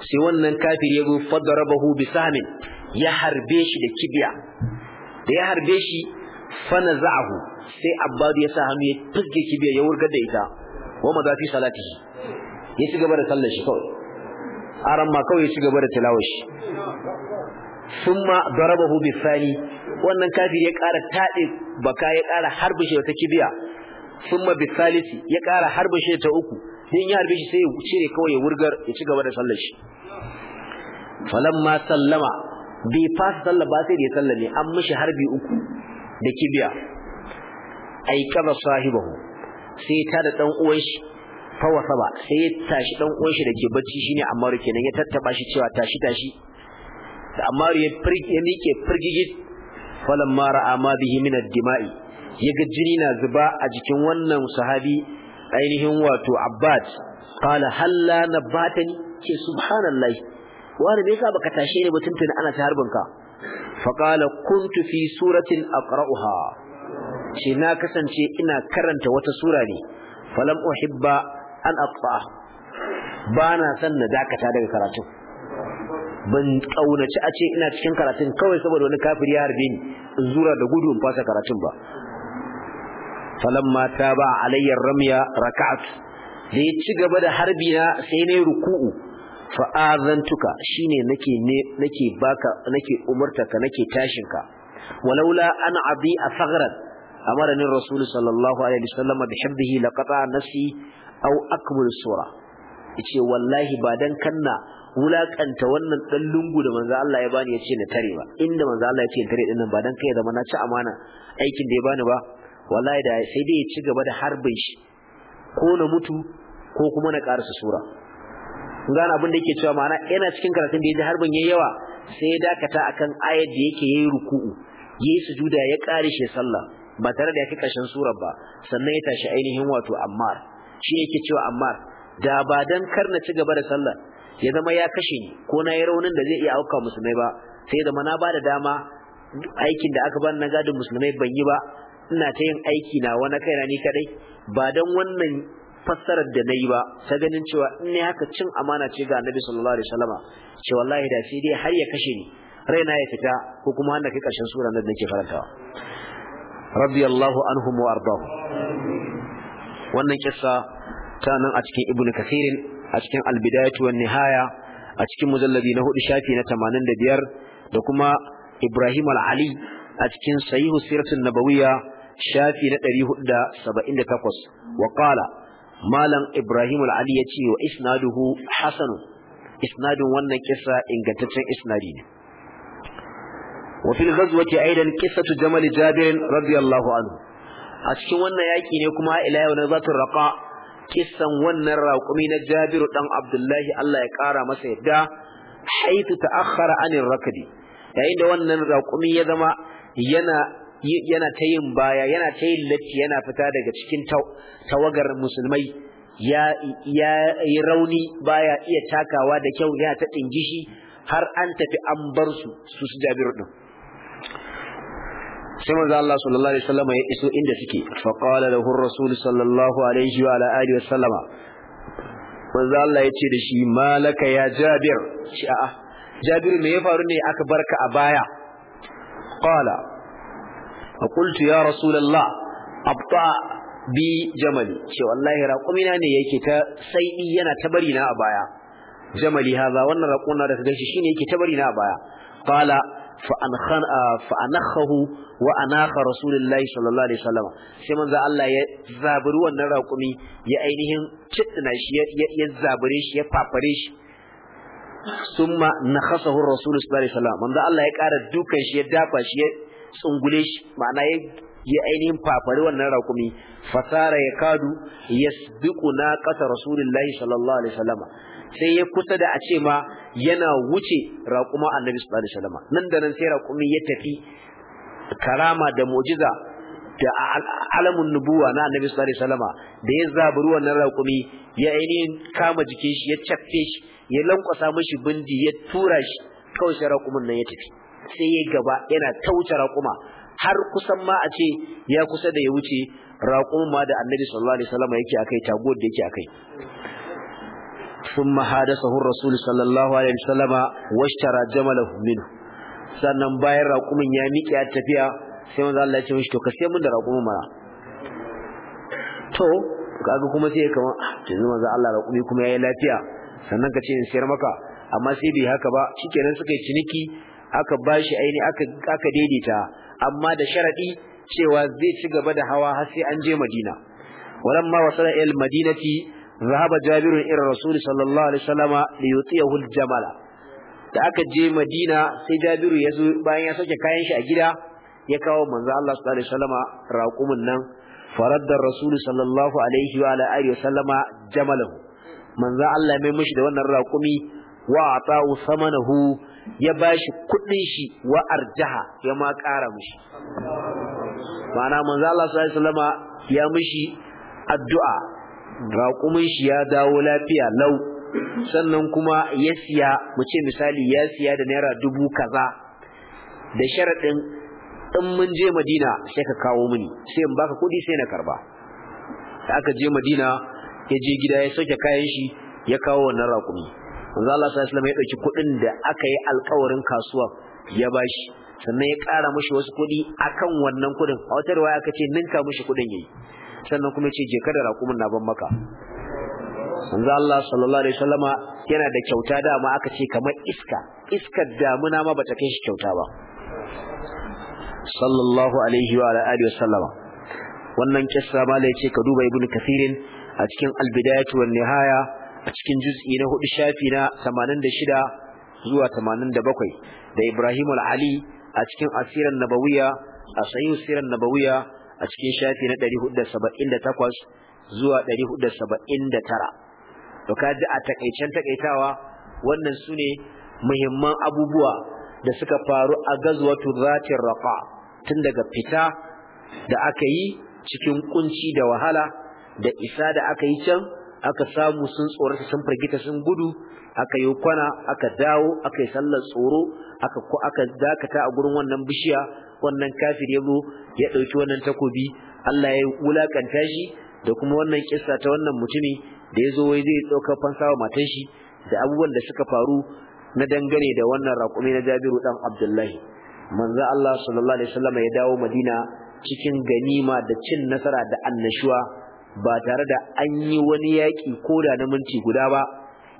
Speaker 1: sai wannan kafir ya zo fadarabahu bisamin ya harbe shi da kibiya da ya harbe shi fana fanaza'ahu sai abadu ya sa hannu ya tuge kibiya ya wurgar da ita wa zafi salatihi ya ci gaba da sallar shi kawai aran ma kawai ya ci gaba da tilawar summa darabahu bisani wannan kafiri ya ƙara taɗe baka ya ƙara harbe shi ta kibiya summa bisalisi ya ƙara harbi shi ta uku din ya harbe shi sai ya cire kawai ya wurgar ya ci gaba da sallar shi falamma sallama bai fasa sallar ba sai da ya ne, an mishi harbi uku da kibiya ai kaba sahibahu sai ta da dan uwan shi fawasa ba sai ya tashi dan uwan shi ke bacci shine amma kenan ya tattaba shi cewa tashi tashi da amaru ya firge ya mike firgigit falamma mara amma bihi min ad-dima'i yaga jini na zuba a jikin wannan sahabi ainihin wato abbad qala halla nabatani ce subhanallahi wani me yasa baka tashe ni mutun tun ana ta harbin ka fa qala kuntu fi suratin aqra'uha ce na kasance ina karanta wata sura ne falam uhibba an aqta bana san na dakata daga karatun ban kaunaci a ce ina cikin karatun kawai saboda wani kafiri ya harbe ni in zura da gudu in fasa karatun ba falamma ba alayyar ramya raka'at da ya ci gaba da harbi na sai na ruku'u fa'azantuka shine nake ne nake baka nake umurtaka nake tashinka walaula an abi afghran amarani rasul sallallahu alaihi wasallam bihabbihi laqata nafsi aw akmul sura yace wallahi ba dan kanna wulakanta wannan dan lungu da manzo Allah ya bani yace na tare ba inda manzo Allah yace tare din ba dan kai zama na ci amana aikin da ya bani ba wallahi da sai dai ya ci gaba da harbin shi ko na mutu ko kuma na karasa sura gane abin da yake cewa ma'ana yana cikin karatun da ya ji harbin yayi yawa sai ya dakata akan ayar da yake yayi ruku'u yayi sujuda ya kare shi sallah ba tare da ya kai karshen surar ba sannan ya tashi ainihin wato ammar shi yake cewa ammar da ba dan kar na ci gaba da sallah ya zama ya kashe ni ko na yi raunin da zai iya auka musulmai ba sai zama na ba da dama aikin da aka bani na gadin musulmai ban yi ba ina ta yin aiki na wani na ni kadai ba dan wannan fassarar da na yi ba ta ganin cewa in ne haka cin amana ce ga annabi sallallahu alaihi wasallama ce wallahi da sai dai har ya kashe ni raina ya fita ko kuma wannan kai karshen sura nan da nake farantawa radiyallahu anhum wa ardahu wannan kissa ta nan a cikin ibnu kasirin a cikin albidayatu wan nihaya a cikin mujalladi na hudu shafi na 85 da kuma Ibrahim al-Ali a cikin sahihu siratun nabawiyya shafi na 478 wa qala malam Ibrahim al-Ali ce wa isnaduhu hasan isnadun wannan kissa ingantaccen isnadi ne wa fil ghazwati aidan qissatu jamal jabir radiyallahu anhu a cikin wannan yaki ne kuma ila yau na zatul raqa kisan wannan raƙumi na Jabiru ɗan Abdullahi Allah ya ƙara masa yadda haitu ta'akhkhara anin rakadi. yayin da wannan raƙumi ya zama yana yana ta yin baya yana ta yin latti yana fita daga cikin tawagar musulmai ya ya yi rauni baya iya takawa da kyau yana ta dingishi har an tafi an bar su su Jabiru ɗin sai manzo Allah sallallahu alaihi wasallam ya iso inda suke fa qala lahu ar-rasul sallallahu alaihi wa ala alihi wasallama manzo Allah ya ce da shi malaka ya Jabir a'a Jabir me ya faru ne aka barka a baya qala fa qultu ya rasulullah abta bi jamali ce wallahi raqumina ne yake ta saidi yana tabari na a baya jamali haza wannan raquna da kaga shi shine yake tabari na a baya qala fa wa anaka rasulullahi sallallahu alaihi wasallam sai manzo Allah ya zaburi wannan raƙumi ya ainihin ciddina shi ya zabure shi ya fafare shi summa nakhasahu rasulullahi sallallahu alaihi wasallam manzo Allah ya ƙara dukan shi ya dafa shi ya tsungule shi ma'ana ya ya ainihin fafari wannan raƙumi fasara ya kadu yasbiqu na qata rasulullahi sallallahu alaihi wasallam sai ya kusa da a ce ma yana wuce raƙuma annabi sallallahu alaihi wasallam nan da nan sai raƙumi ya tafi karama da mu'jiza da alamun nubuwa na annabi sallallahu alaihi wasallama da ya zaburi wannan raƙumi ya aini kama jikin shi ya caffe shi ya lankwasa mishi bindi ya tura shi kawai sai raƙumin nan ya tafi sai ya gaba yana tauce raƙuma har kusan ma a ce ya kusa da ya wuce raƙumin ma da annabi sallallahu alaihi wasallama yake akai tagowar da yake akai ثم حادثه الرسول صلى الله عليه وسلم واشترى جمله منه sannan bayan raƙumin ya miƙe a tafiya sai manzo Allah ya ce mishi to ka sai mun da raƙumin mara to kaga kuma sai kama ah, yanzu manzo Allah raƙumi kuma yayi lafiya sannan ka ce in sayar maka amma sai bai haka ba shikenan suka yi ciniki aka bashi aini aka aka daidaita amma da sharadi cewa zai ci gaba da hawa har sai an je Madina walamma wasala il madinati ذهب جابر إلى الرسول صلى الله عليه وسلم ليطيعه الجمل da aka je Madina sai Jabiru ya zo bayan ya sake kayan shi a gida ya kawo manzo Allah sallallahu alaihi wasallama raqumin nan faradda rasul sallallahu alaihi wa ala alihi wasallama jamalahu manzo Allah mai mishi da wannan raqumi wa ata'u samanahu ya bashi kudin shi wa arjaha ya ma kara mishi Mana manzo Allah sallallahu alaihi wasallama ya mishi addu'a raqumin shi ya dawo lafiya lau sannan kuma ya siya mu ce misali ya siya da naira dubu kaza da sharaɗin in mun je madina sai ka kawo mini sai in baka kuɗi sai na karba da aka je madina ya je gida ya sauke kayan shi ya kawo wannan raƙumi manzo Allah sallallahu alaihi ya ɗauki kuɗin da aka yi alƙawarin kasuwa ya bashi sannan ya ƙara mishi wasu kuɗi akan wannan kuɗin a wata riwaya aka ce ninka mishi kuɗin yayi sannan kuma ce je da raƙumin na ban maka manzo Allah sallallahu alaihi wasallama yana da kyauta dama aka ce kamar iska iskar damuna ma bata kai shi kyauta ba sallallahu alaihi wa alihi wasallama wannan kissa ma da yace ka duba ibnu kathirin a cikin albidayatu wan nihaya a cikin juz'i na hudu shafi na 86 zuwa 87 da Ibrahim al-Ali a cikin asiran nabawiya a sahih siran nabawiya a cikin shafi na 478 zuwa 479 to ka ji a takaicen takaitawa wannan su ne muhimman abubuwa da suka faru a gazwatu zatir raqa tun daga fita da aka yi cikin kunci da wahala da isa da aka yi can aka samu sun tsorata sun firgita sun gudu aka yi kwana aka dawo aka yi sallar tsoro aka ku aka dakata a gurin wannan bishiya wannan kafir ya zo ya ɗauki wannan takobi Allah ya wulakanta shi da kuma wannan kissa ta wannan mutumin. da ya zo wai zai ɗaukar fansa wa matan shi da abubuwan da suka faru na dangane da wannan raƙumi na jabiru ɗan abdullahi manzo Allah sallallahu alaihi wasallam ya dawo madina cikin ganima da cin nasara da annashuwa ba tare da an yi wani yaƙi ko da na minti guda ba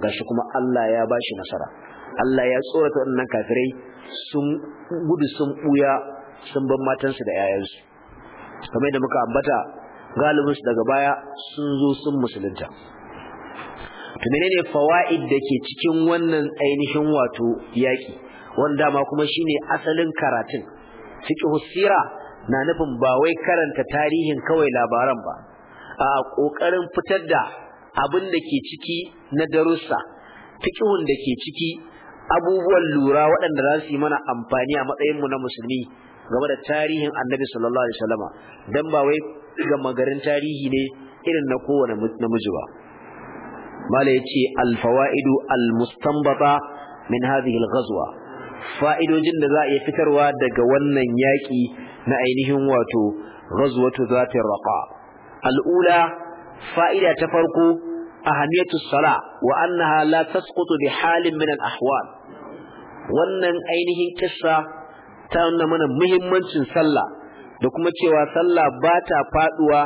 Speaker 1: gashi kuma Allah ya bashi nasara Allah ya tsorata wannan kafirai sun gudu sun buya sun bar matansu da 'ya'yansu kamar da muka ambata galibinsu daga baya sun zo sun musulunta to menene fawaid da ke cikin wannan ainihin wato yaƙi, wanda ma kuma shine asalin karatun fiqh sira na nufin ba wai karanta tarihin kawai labaran ba a kokarin fitar da abin da ke ciki na darussa fiqhun da ke ciki abubuwan lura waɗanda za su yi mana amfani a matsayin mu na musulmi game da tarihin Annabi sallallahu alaihi wasallama dan ba wai ga magarin tarihi ne irin na kowane namiji ba mala yace al-fawaidu al min hadhihi al-ghazwa fa'idojin da za a iya fitarwa daga wannan yaki na ainihin wato ghazwatu zati raqa al-ula fa'ida ta farko ahamiyatu sala wa annaha la tasqutu bi halin min al-ahwal wannan ainihin kissa ta nuna mana muhimmancin sallah da kuma cewa sallah ba ta faduwa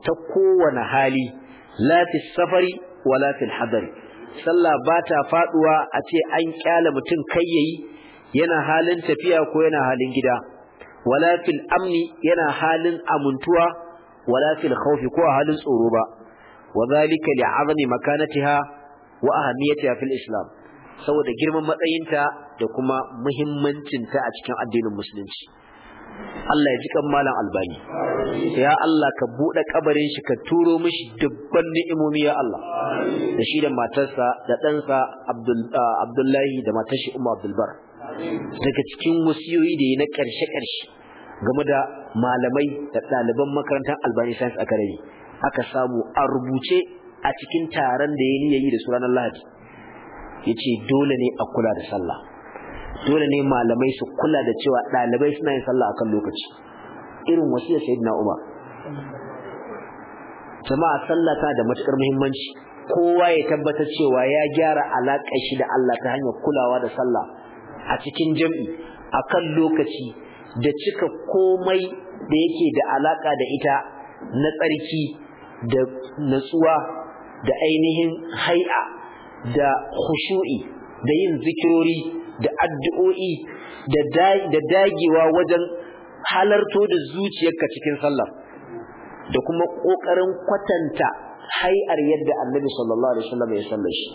Speaker 1: ta kowane hali la fi safari Walafin fil hadari sallah ba ta faduwa a ce an kyala mutum kai yayi yana halin tafiya ko yana halin gida Walafin amni yana halin amuntuwa walafin fil khawfi ko halin tsoro ba wazalika li'azmi makanatiha wa ahamiyatiha fil islam saboda girman matsayinta da kuma muhimmancinta a cikin addinin musulunci Allah ya ji kan malam albani ya Allah ka bude kabarin shi ka turo mishi dubban ni'imomi ya Allah da shi da matarsa da Abdul Abdullahi da matar shi Umma Abdulbar daga cikin wasiyoyi da yi na karshe-karshe game da malamai da ɗaliban makarantar albani science academy aka samu a rubuce a cikin taron da ya yi da su ranar lahadi ya ce dole ne a kula da sallah dole ne malamai su kula da cewa ɗalibai suna yin sallah akan lokaci irin wasiyar sayyidina Umar jama'a sallah tana da matukar muhimmanci kowa ya tabbatar cewa ya gyara alaƙar shi da Allah ta hanyar kulawa da sallah a cikin jami'i akan lokaci da cika komai da yake da alaƙa da ita na tsarki da natsuwa da ainihin hai'a da khushu'i da yin zikirori da addu'o'i da dagewa wajen halarto da zuciyarka cikin sallar da kuma ƙoƙarin kwatanta hai'ar yadda Annabi sallallahu alaihi wasallam ya sallar shi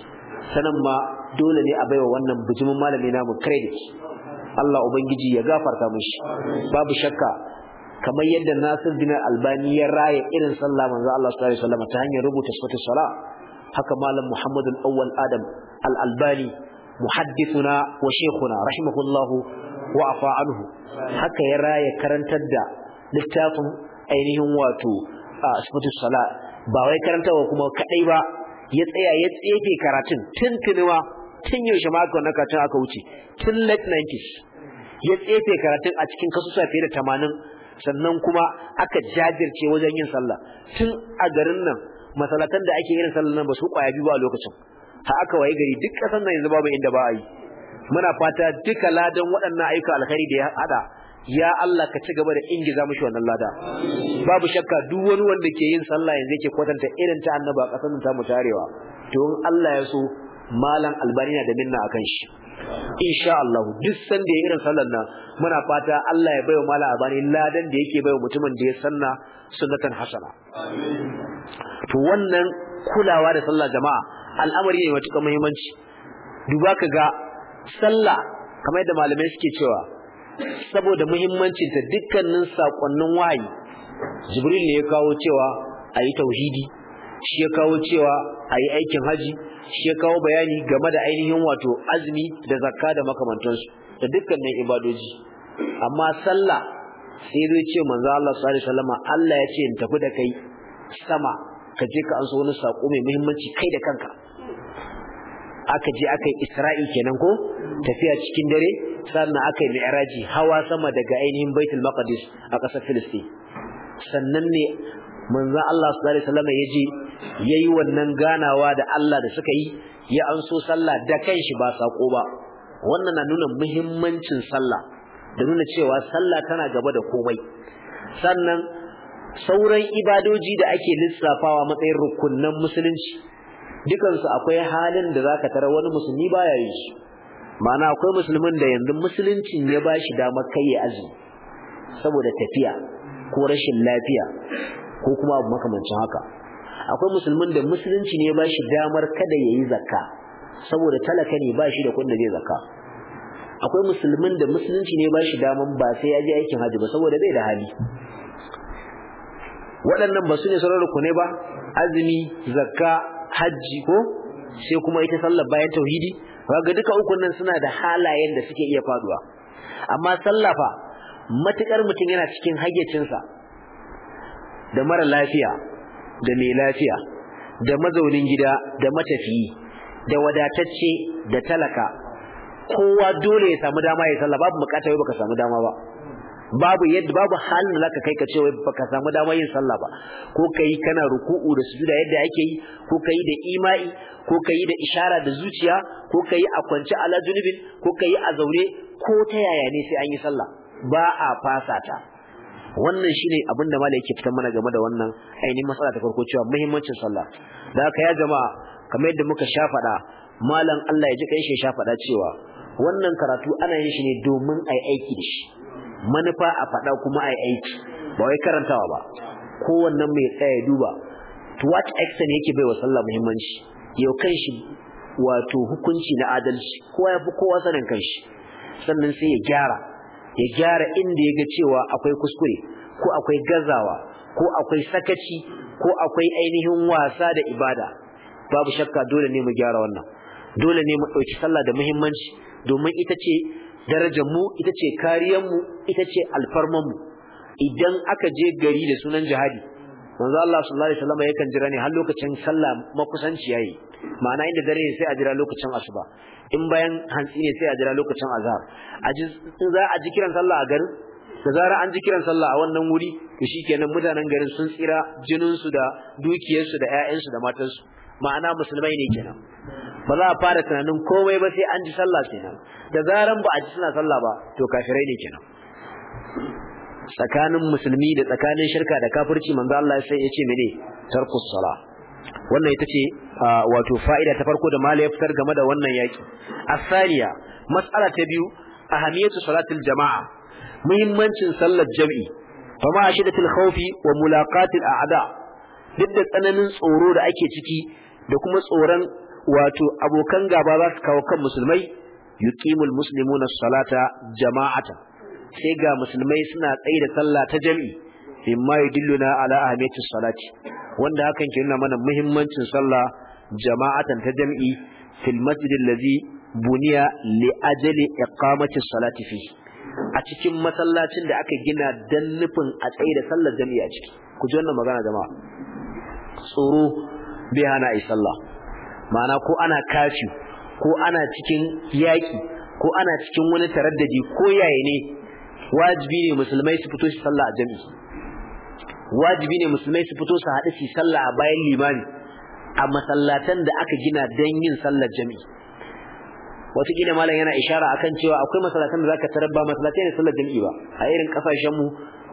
Speaker 1: sanan ma dole ne a baiwa wannan bijimin malami namu credit Allah ubangiji ya gafarta mishi babu shakka kamar yadda Nasir bin Albani ya raya irin sallah manzo Allah sallallahu alaihi wasallam ta hanyar rubuta sifatus sala haka malam muhammadun al-Awwal Adam al-Albani muhaddithuna wa shaykhuna rahimahullahu wa afa anhu haka ya raya karantar da littafin ainihin wato sifatu sala ba wai karantawa kuma kadai ba ya tsaya ya tsefe karatun tun tunuwa tun yaushe ma aka karatun aka wuce tun late 90s ya tsefe karatun a cikin kasusuwa fiye da 80 sannan kuma aka jajirce wajen yin sallah tun a garin nan masalatan da ake yin sallah nan ba su kwaya biyu ba a lokacin ha aka waye gari duk kasan nan yanzu babu inda ba a yi muna fata duka ladan waɗannan ayyuka alkhairi da ya hada ya Allah ka ci gaba da ingiza mushi wannan lada babu shakka duk wani wanda ke yin sallah yanzu yake kwatanta irin ta annaba kasan ta mu tarewa to in Allah ya so malam albani na da minna akan shi insha Allah duk san da irin sallar nan muna fata Allah ya baiwa malam albani ladan da yake baiwa mutumin da ya sanna sunnatan hasana to wannan kulawa da sallah jama'a al'amari ne matuƙar muhimmanci duba ka ga sallah kamar yadda malamai suke cewa saboda ta dukkanin sakonnin wahayi jibril ne ya kawo cewa a yi tauhidi shi ya kawo cewa a yi aikin haji shi ya kawo bayani game da ainihin wato azumi da zakka da makamantansu da dukkanin ibadoji amma sallah sai zai ce manzo Allah sallallahu alaihi wasallam Allah ya ce in tafi da kai sama ka je ka anso wani sako mai muhimmanci kai da kanka aka je aka yi isra'i kenan ko tafiya cikin dare sannan aka yi mi'raji hawa sama daga ainihin baitul maqdis a ƙasar filistin sannan ne manzon Allah sallallahu alaihi wasallam ya je yayi wannan ganawa da Allah da suka yi ya anso sallah da kanshi ba sako ba wannan na nuna muhimmancin sallah da nuna cewa sallah tana gaba da komai sannan sauran ibadoji da ake lissafawa matsayin rukunnan musulunci dukansu akwai halin da zaka tara wani musulmi baya yi shi ma'ana akwai musulmin da yanzu musuluncin ya ba shi damar kai ya azumi saboda tafiya ko rashin lafiya ko kuma abu makamancin haka akwai musulmin da musulunci ne ba shi damar kada ya yi zakka saboda talaka ne ba shi da kuɗin da zai zakka akwai musulmin da musulunci ne ba shi damar ba sai ya je aikin hajji ba saboda bai da hali waɗannan ba su ne sauran rukunai ba azumi zakka hajji ko sai kuma ita sallar bayan tauhidi kaga duka ukun nan suna da halayen da suke iya faduwa amma sallah fa matukar mutum yana cikin hayyacinsa da mara lafiya da mai lafiya da mazaunin gida da matafiyi da wadatacce da talaka kowa dole ya samu dama ya sallah babu bukatar baka samu dama ba babu yadda babu halin da zaka kai ka ce wai baka samu damar yin sallah ba ko kai kana ruku'u da sujuda yadda ake yi ko kai da imai ko kai da ishara da zuciya ko kai a kwance ala junubin ko kai a zaure ko ta yaya ne sai an yi sallah ba a fasa ta wannan shine abin da malai yake fitan mana game da wannan ainihin matsala ta farko cewa muhimmancin sallah da haka ya jama'a kamar yadda muka sha faɗa malam Allah ya ji kai shi sha faɗa cewa wannan karatu ana yin shi ne domin a yi aiki da shi manufa a faɗa kuma a yi aiki ba wai karantawa ba wannan mai tsaya ya duba to what extent yake bai wa sallah muhimmanci yau kan shi wato hukunci na adalci kowa ya fi kowa sanin kanshi sannan sai ya gyara ya gyara inda ya ga cewa akwai kuskure ko akwai gazawa ko akwai sakaci ko akwai ainihin wasa da ibada babu shakka dole ne mu gyara wannan dole ne mu ɗauki sallah da muhimmanci domin ita ce darajar mu ita ce kariyar mu ita ce alfarman mu idan aka je gari da sunan jihadi manzo Allah sallallahu alaihi wasallam yakan jira ne har lokacin sallah makusanci yayi ma'ana inda dare sai a jira lokacin asuba in bayan hantsi ne sai a jira lokacin azhar a ji za a ji kiran sallah a garin da zara an ji kiran sallah a wannan wuri to shikenan mutanen garin sun tsira jinin su da dukiyar da ƴaƴan da matansu. ma'ana musulmai ne kenan ba za a fara tunanin komai ba sai an ji sallah kenan da zaran ba a ji suna sallah ba to kafirai ne kenan tsakanin musulmi da tsakanin shirka da kafirci manzo Allah sai ya ce mene tarkus sala wannan ita ce wato fa'ida ta farko da mala ya fitar game da wannan yaki asaliya mas'ala ta biyu ahamiyatu salatil jama'a muhimmancin sallar jami'i fama ashidatul khawfi wa mulaqatil a'da duk da tsananin tsoro da ake ciki da kuma tsoron wato abokan gaba za su kawo kan musulmai yuqimul muslimuna salata jama'ata sai ga musulmai suna tsaye da sallah ta jami'i mimma yudilluna ala ahmiyatis salati wanda hakan ke nuna mana muhimmancin sallah jama'atan ta jami'i fil masjid allazi buniya li ajali iqamati salati fi a cikin masallacin da aka gina dan nufin a tsaye da sallar jami'a a ciki ku ji wannan magana jama'a tsoro bai hana ai sallah ma'ana ko ana kashi ko ana cikin yaki ko ana cikin wani taraddadi ko yaye ne wajibi ne musulmai su fito su sallah a jami'i wajibi ne musulmai su fito su haɗu su sallah a bayan limani, a masallatan da aka gina don yin sallar jami'i wataƙila malam yana ishara akan cewa akwai masallatan da za zaka tarabba masallatai ne sallar jami'i ba a irin kasashen mu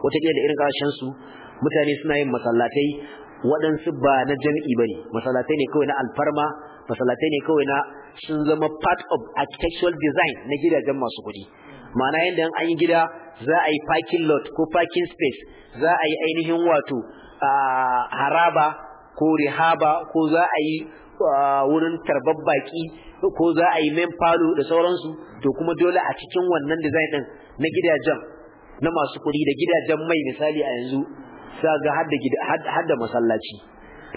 Speaker 1: wataƙila da irin kasashen su mutane suna yin masallatai waɗansu ba na jami'i ne, masallatai ne kawai na alfarma masallatai ne kawai na sun zama part of architectural design na gidajen masu kuɗi ma'ana yadda an yi gida za a yi parking lot ko parking space za a yi ainihin wato haraba ko rihaba ko za a yi wurin tarbar baki ko za a yi main palo da sauransu to kuma dole a cikin wannan design ɗin na gidajen na masu kuɗi da gidajen mai misali a yanzu sai ga hadda gida hadda masallaci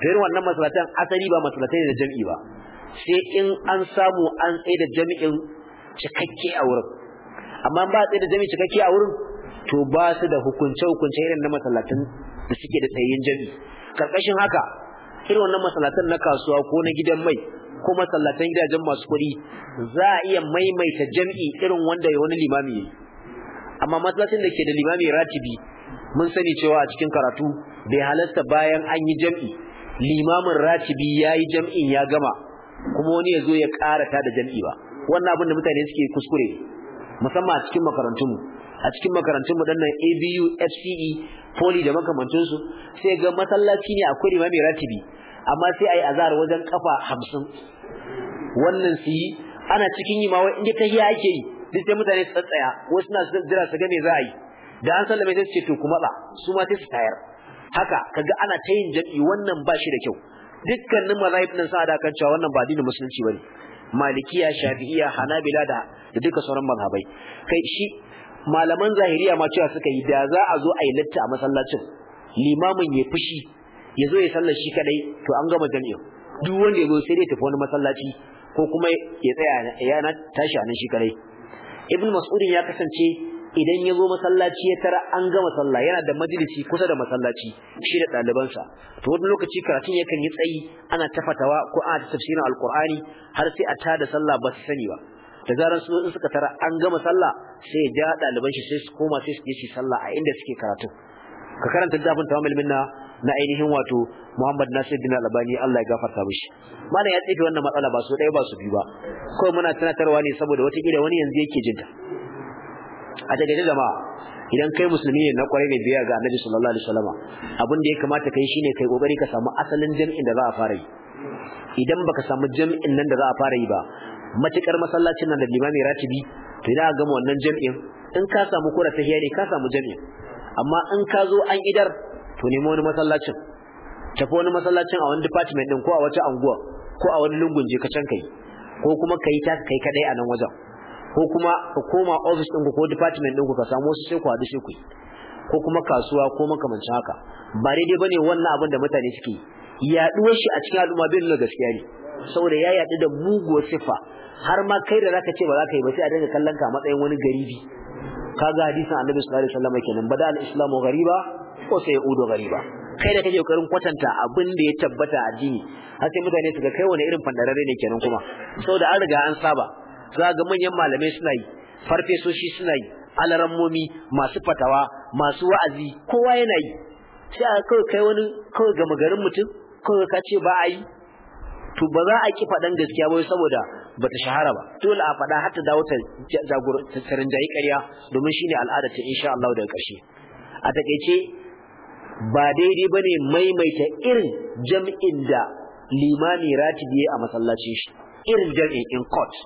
Speaker 1: to wannan masallatan asali ba masallatai da jami'i ba sai in an samu an tsaye da jami'in cikakke a wurin amma ba tsaye da jami'i cikakke a wurin to ba su da hukunce hukunce irin na masallacin da suke da tsayin jami'i karkashin haka irin wannan masallacin na kasuwa ko na gidan mai ko masallacin gidajen masu kuɗi za a iya maimaita jami'i irin wanda ya wani limami amma masallacin da ke da limami ratibi mun sani cewa a cikin karatu bai halarta bayan an yi jam'i limamin ratibi ya yi jam'in ya gama kuma wani ya zo ya karata da jam'i ba wannan abin da mutane suke kuskure musamman a cikin makarantunmu a cikin makarantunmu dan nan ABU FCE poli da makamantunsu sai ga masallaci ne akwai mai ratibi amma sai ayi azar wajen kafa hamsin. wannan su yi ana cikin yi ma wai inda yi ake yi duk sai mutane su wasu na jira su ga za a yi da an sallame sai su ce to kuma ba su ma su tayar haka kaga ana ta yin jam'i wannan ba shi da kyau dukkanin mazahib nan sa da kan cewa wannan ba dinin musulunci bane malikiya shafi'iya hanabila da da duka sauran mazhabai kai shi malaman zahiriya ma cewa suka yi da za a zo a yi latta a masallacin limamin ya fushi ya zo ya sallar shi kadai to an gama jami'i duk wanda ya zo sai dai tafi wani masallaci ko kuma ya tsaya ya tashi a nan shi kadai ibn mas'udin ya kasance idan yazo masallaci ya tara an gama sallah yana da majalisi kusa da masallaci shi da ɗalibansa to wani lokaci karatun yakan yi tsayi ana tafatawa ko ana tafsirin alkur'ani har sai a tada sallah ba su sani ba da zaran su suka tara an gama sallah sai ya ja ɗaliban shi sai su koma sai su yi su sallah a inda suke karatu ka karanta littafin tawamil minna na ainihin wato Muhammad Nasir bin Albani Allah ya gafarta mishi malam ya tsaye wannan matsala ba su ɗaya ba su biyu ba kawai muna tunatarwa ne saboda wata gida wani yanzu yake jinta a daga jama'a idan kai musulmi ne na kwarai ne biya ga annabi sallallahu alaihi wasallam abin da ya kamata kai shine kai kokari ka samu asalin jami'in da za a fara yi idan baka samu jami'in nan da za a fara yi ba matukar masallacin nan da limami ratibi to ina gama wannan jami'in in ka samu kura ta ne ka samu jami'in amma in ka zo an idar to nemo wani masallacin tafi wani masallacin a wani department din ko a wata anguwa ko a wani lungun je ka can kai ko kuma kai ta kai kadai a nan wajen ko kuma ka koma office ɗin ko department ɗinku ka samu wasu sai ku haɗu sai ku ko kuma kasuwa ko makamancin haka ba daidai bane wannan abin da mutane suke yaɗuwar shi a cikin al'umma bai nuna gaskiya ne saboda ya yaɗu da muguwar sifa har ma kai da zaka ce ba za ka yi ba sai a dinga kallon ka a matsayin wani garibi kaga hadisin annabi sallallahu alaihi wasallam kenan bada al-islamu ghariba ko sai udo ghariba kai da kake kokarin kwatanta abin da ya tabbata a addini har sai mutane su ga kai wani irin fandarare ne kenan kuma saboda an riga an saba za ga manyan malamai suna yi farfesoshi suna yi alarammomi masu fatawa masu wa'azi kowa yana yi sai a kawai kai wani kawai gama garin mutum kawai ka ce ba a yi to ba za a ki faɗan gaskiya ba saboda ba ta shahara ba dole a faɗa har ta dawo ta jagorantarin jayi ƙarya domin shine al'ada ta insha Allah da ƙarshe a taƙaice, ba daidai ne maimaita irin jam'in da limami ratibi a masallacin shi irin jam'in in court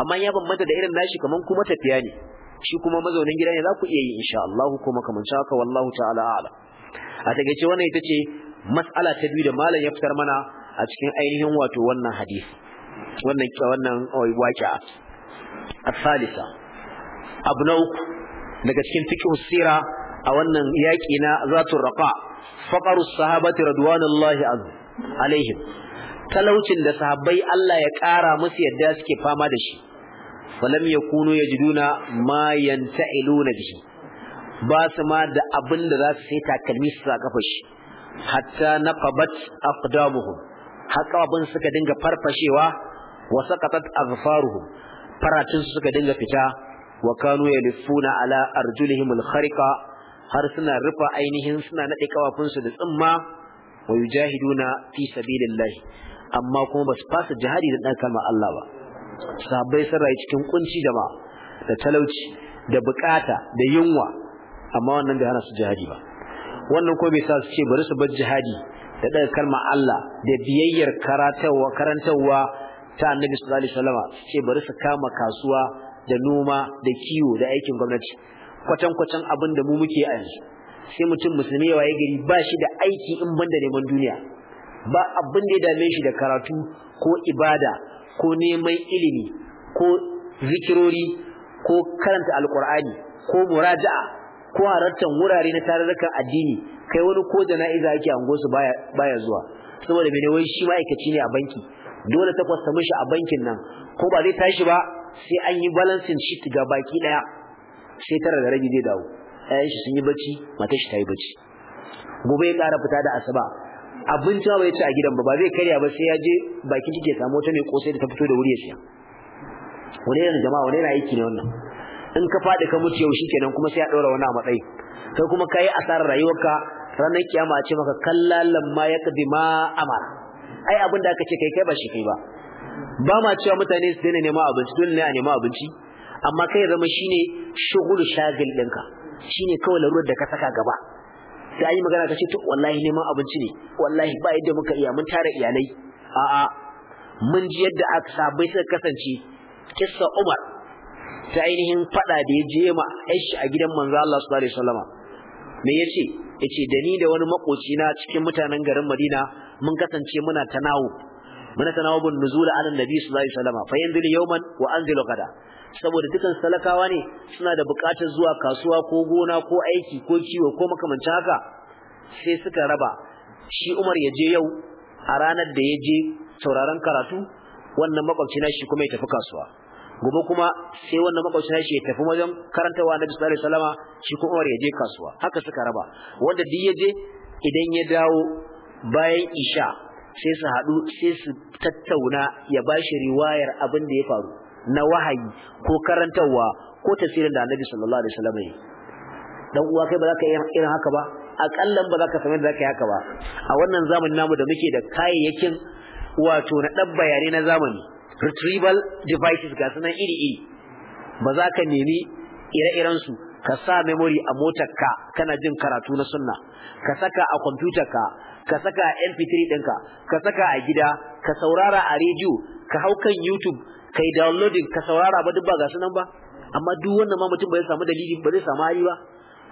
Speaker 1: amma ya bambanta da irin nashi kaman kuma tafiya ne shi kuma mazaunin gida ne za ku iya yi insha Allah ko makamancin wallahu ta'ala a'la a takeice wannan ita ce mas'ala ta biyu da malam ya fitar mana a cikin ainihin wato wannan hadisi wannan wannan oh, A asalisa abu na uku daga cikin fiqh sira a wannan yaki na zatul raqa faqaru sahabati radwanullahi alaihim talaucin da sahabbai Allah ya ƙara musu yadda suke fama da shi falam ya yajiduna ma yanta'iluna bihi ba su ma da abin da za su sai takalmi su sa kafa shi hatta nafabat aqdamuhum abin suka dinga farfashewa wa saqatat azfaruhum faratin suka dinga fita wa kanu yalifuna ala arjulihim alkhariqa har suna rufa ainihin suna nade kawafin su da tsimma wa yujahiduna fi sabilillah amma kuma ba su fasa jihadi da ɗan kalmar Allah ba sabai sun rayu cikin kunci ma da talauci da bukata da yunwa amma wannan bai hana su jihadi ba wannan ko bai sa su ce bari su bar jihadi da ɗan kalmar Allah da biyayyar karatarwa karantarwa ta Annabi sallallahu alaihi wasallam su ce bari su kama kasuwa da noma da kiwo da aikin gwamnati kwatan kwatan abin da mu muke a yanzu sai mutum musulmi ya gari ba shi da aiki in banda neman duniya ba abin da ya dame shi da karatu ko ibada ko neman ilimi ko zikirori ko karanta alkur'ani ko muraja'a ko halartar wurare na tarurrukan addini kai wani ko da na'iza yake ango su baya zuwa saboda bene wai shi ma'aikaci ne a banki dole ta kwasta mishi a bankin nan ko ba zai tashi ba sai an yi balancing sheet ga baki daya sai tara da rabi zai dawo 'ya'yan shi sun yi bacci mata shi ta yi bacci gobe ya ƙara fita da Asaba. abinci ba ya ci a gidan ba ba zai karya ba sai ya je baki kike samu wata mai kosai da ta fito da wuri ya siya wani yana jama'a wani yana aiki ne wannan in ka faɗi ka mutu yau shikenan kuma sai ya ɗora wani a matsayi kai kuma kayi asarar rayuwarka ranar kiyama a ce maka kallalan ma ya kadi ma amara ai abin da aka ce kai kai ba shi kai ba ba ma cewa mutane su daina nema abinci dole ne a nema abinci amma kai zama shine shugulu shagil ɗinka shine kawai larurar da ka saka gaba sai yi magana ka ce to wallahi neman abinci ne wallahi ba yadda muka iya mun tara iyalai a'a mun ji yadda aka sabai suka kasance kissa Umar ta ainihin fada da ya je ma a gidan manzo Allah sallallahu alaihi wasallama me yace yace da ni da wani makoci na cikin mutanen garin Madina mun kasance muna tanawu muna bin nuzul ala nabi sallallahu alaihi wasallama fa yanzilu yawman wa anzilu qada saboda dukan salakawa ne suna da bukatar zuwa kasuwa ko gona ko aiki ko kiwo ko makamancin haka sai suka raba shi Umar ya je yau a ranar da ya je sauraron karatu wannan makwabci shi kuma ya tafi kasuwa gobe kuma sai wannan makwabci shi ya tafi wajen karantawa na Bisalai Salama shi kuma Umar ya je kasuwa haka suka raba wanda duk ya je idan ya dawo bayan isha sai su haɗu sai su tattauna ya bashi riwayar abin da ya faru na wahayi ko karantarwa ko tafsirin da annabi sallallahu alaihi wasallam yi dan uwa kai ba za ka yi irin haka ba akallan ba za ka samu da za ka yi haka ba a wannan zamanin namu da muke da kayayyakin wato na dan bayanai na zamani retrieval devices ga sunan iri iri ba za ka nemi ire-iren su ka sa memory a motar ka kana jin karatu na sunna ka saka a computer ka ka saka a mp3 ɗinka ka saka a gida ka saurara a rediyo ka hau kan youtube kai downloading ka saurara ba duk ba ga sunan ba amma duk wannan ma mutum ba zai samu dalili ba zai samu hali ba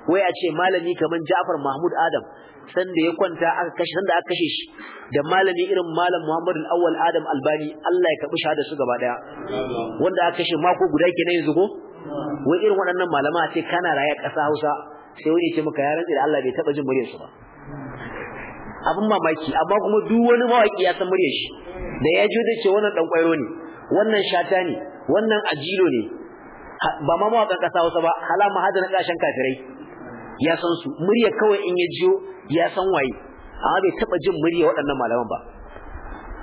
Speaker 1: wai a ce malami kaman Ja'far Mahmud Adam san da ya kwanta aka kashe san da aka kashe shi da malami irin malam Muhammad al-Awwal Adam Albani Allah ya karbi shahada su gaba daya wanda aka kashe mako guda kenan yanzu go wai irin waɗannan malama sai kana raye ƙasa Hausa sai wani ya ce maka ya da Allah bai taba jin muryarsu ba abin mamaki amma kuma duk wani mawaki ya san muryar shi da ya ji da ce wannan dan kwairo ne wannan shata ne wannan ajilo ne ba ma mawaƙan ƙasa wasa ba halama hada na kafirai ya san su murya kawai in ya jiyo ya san waye amma bai taba jin murya waɗannan malaman ba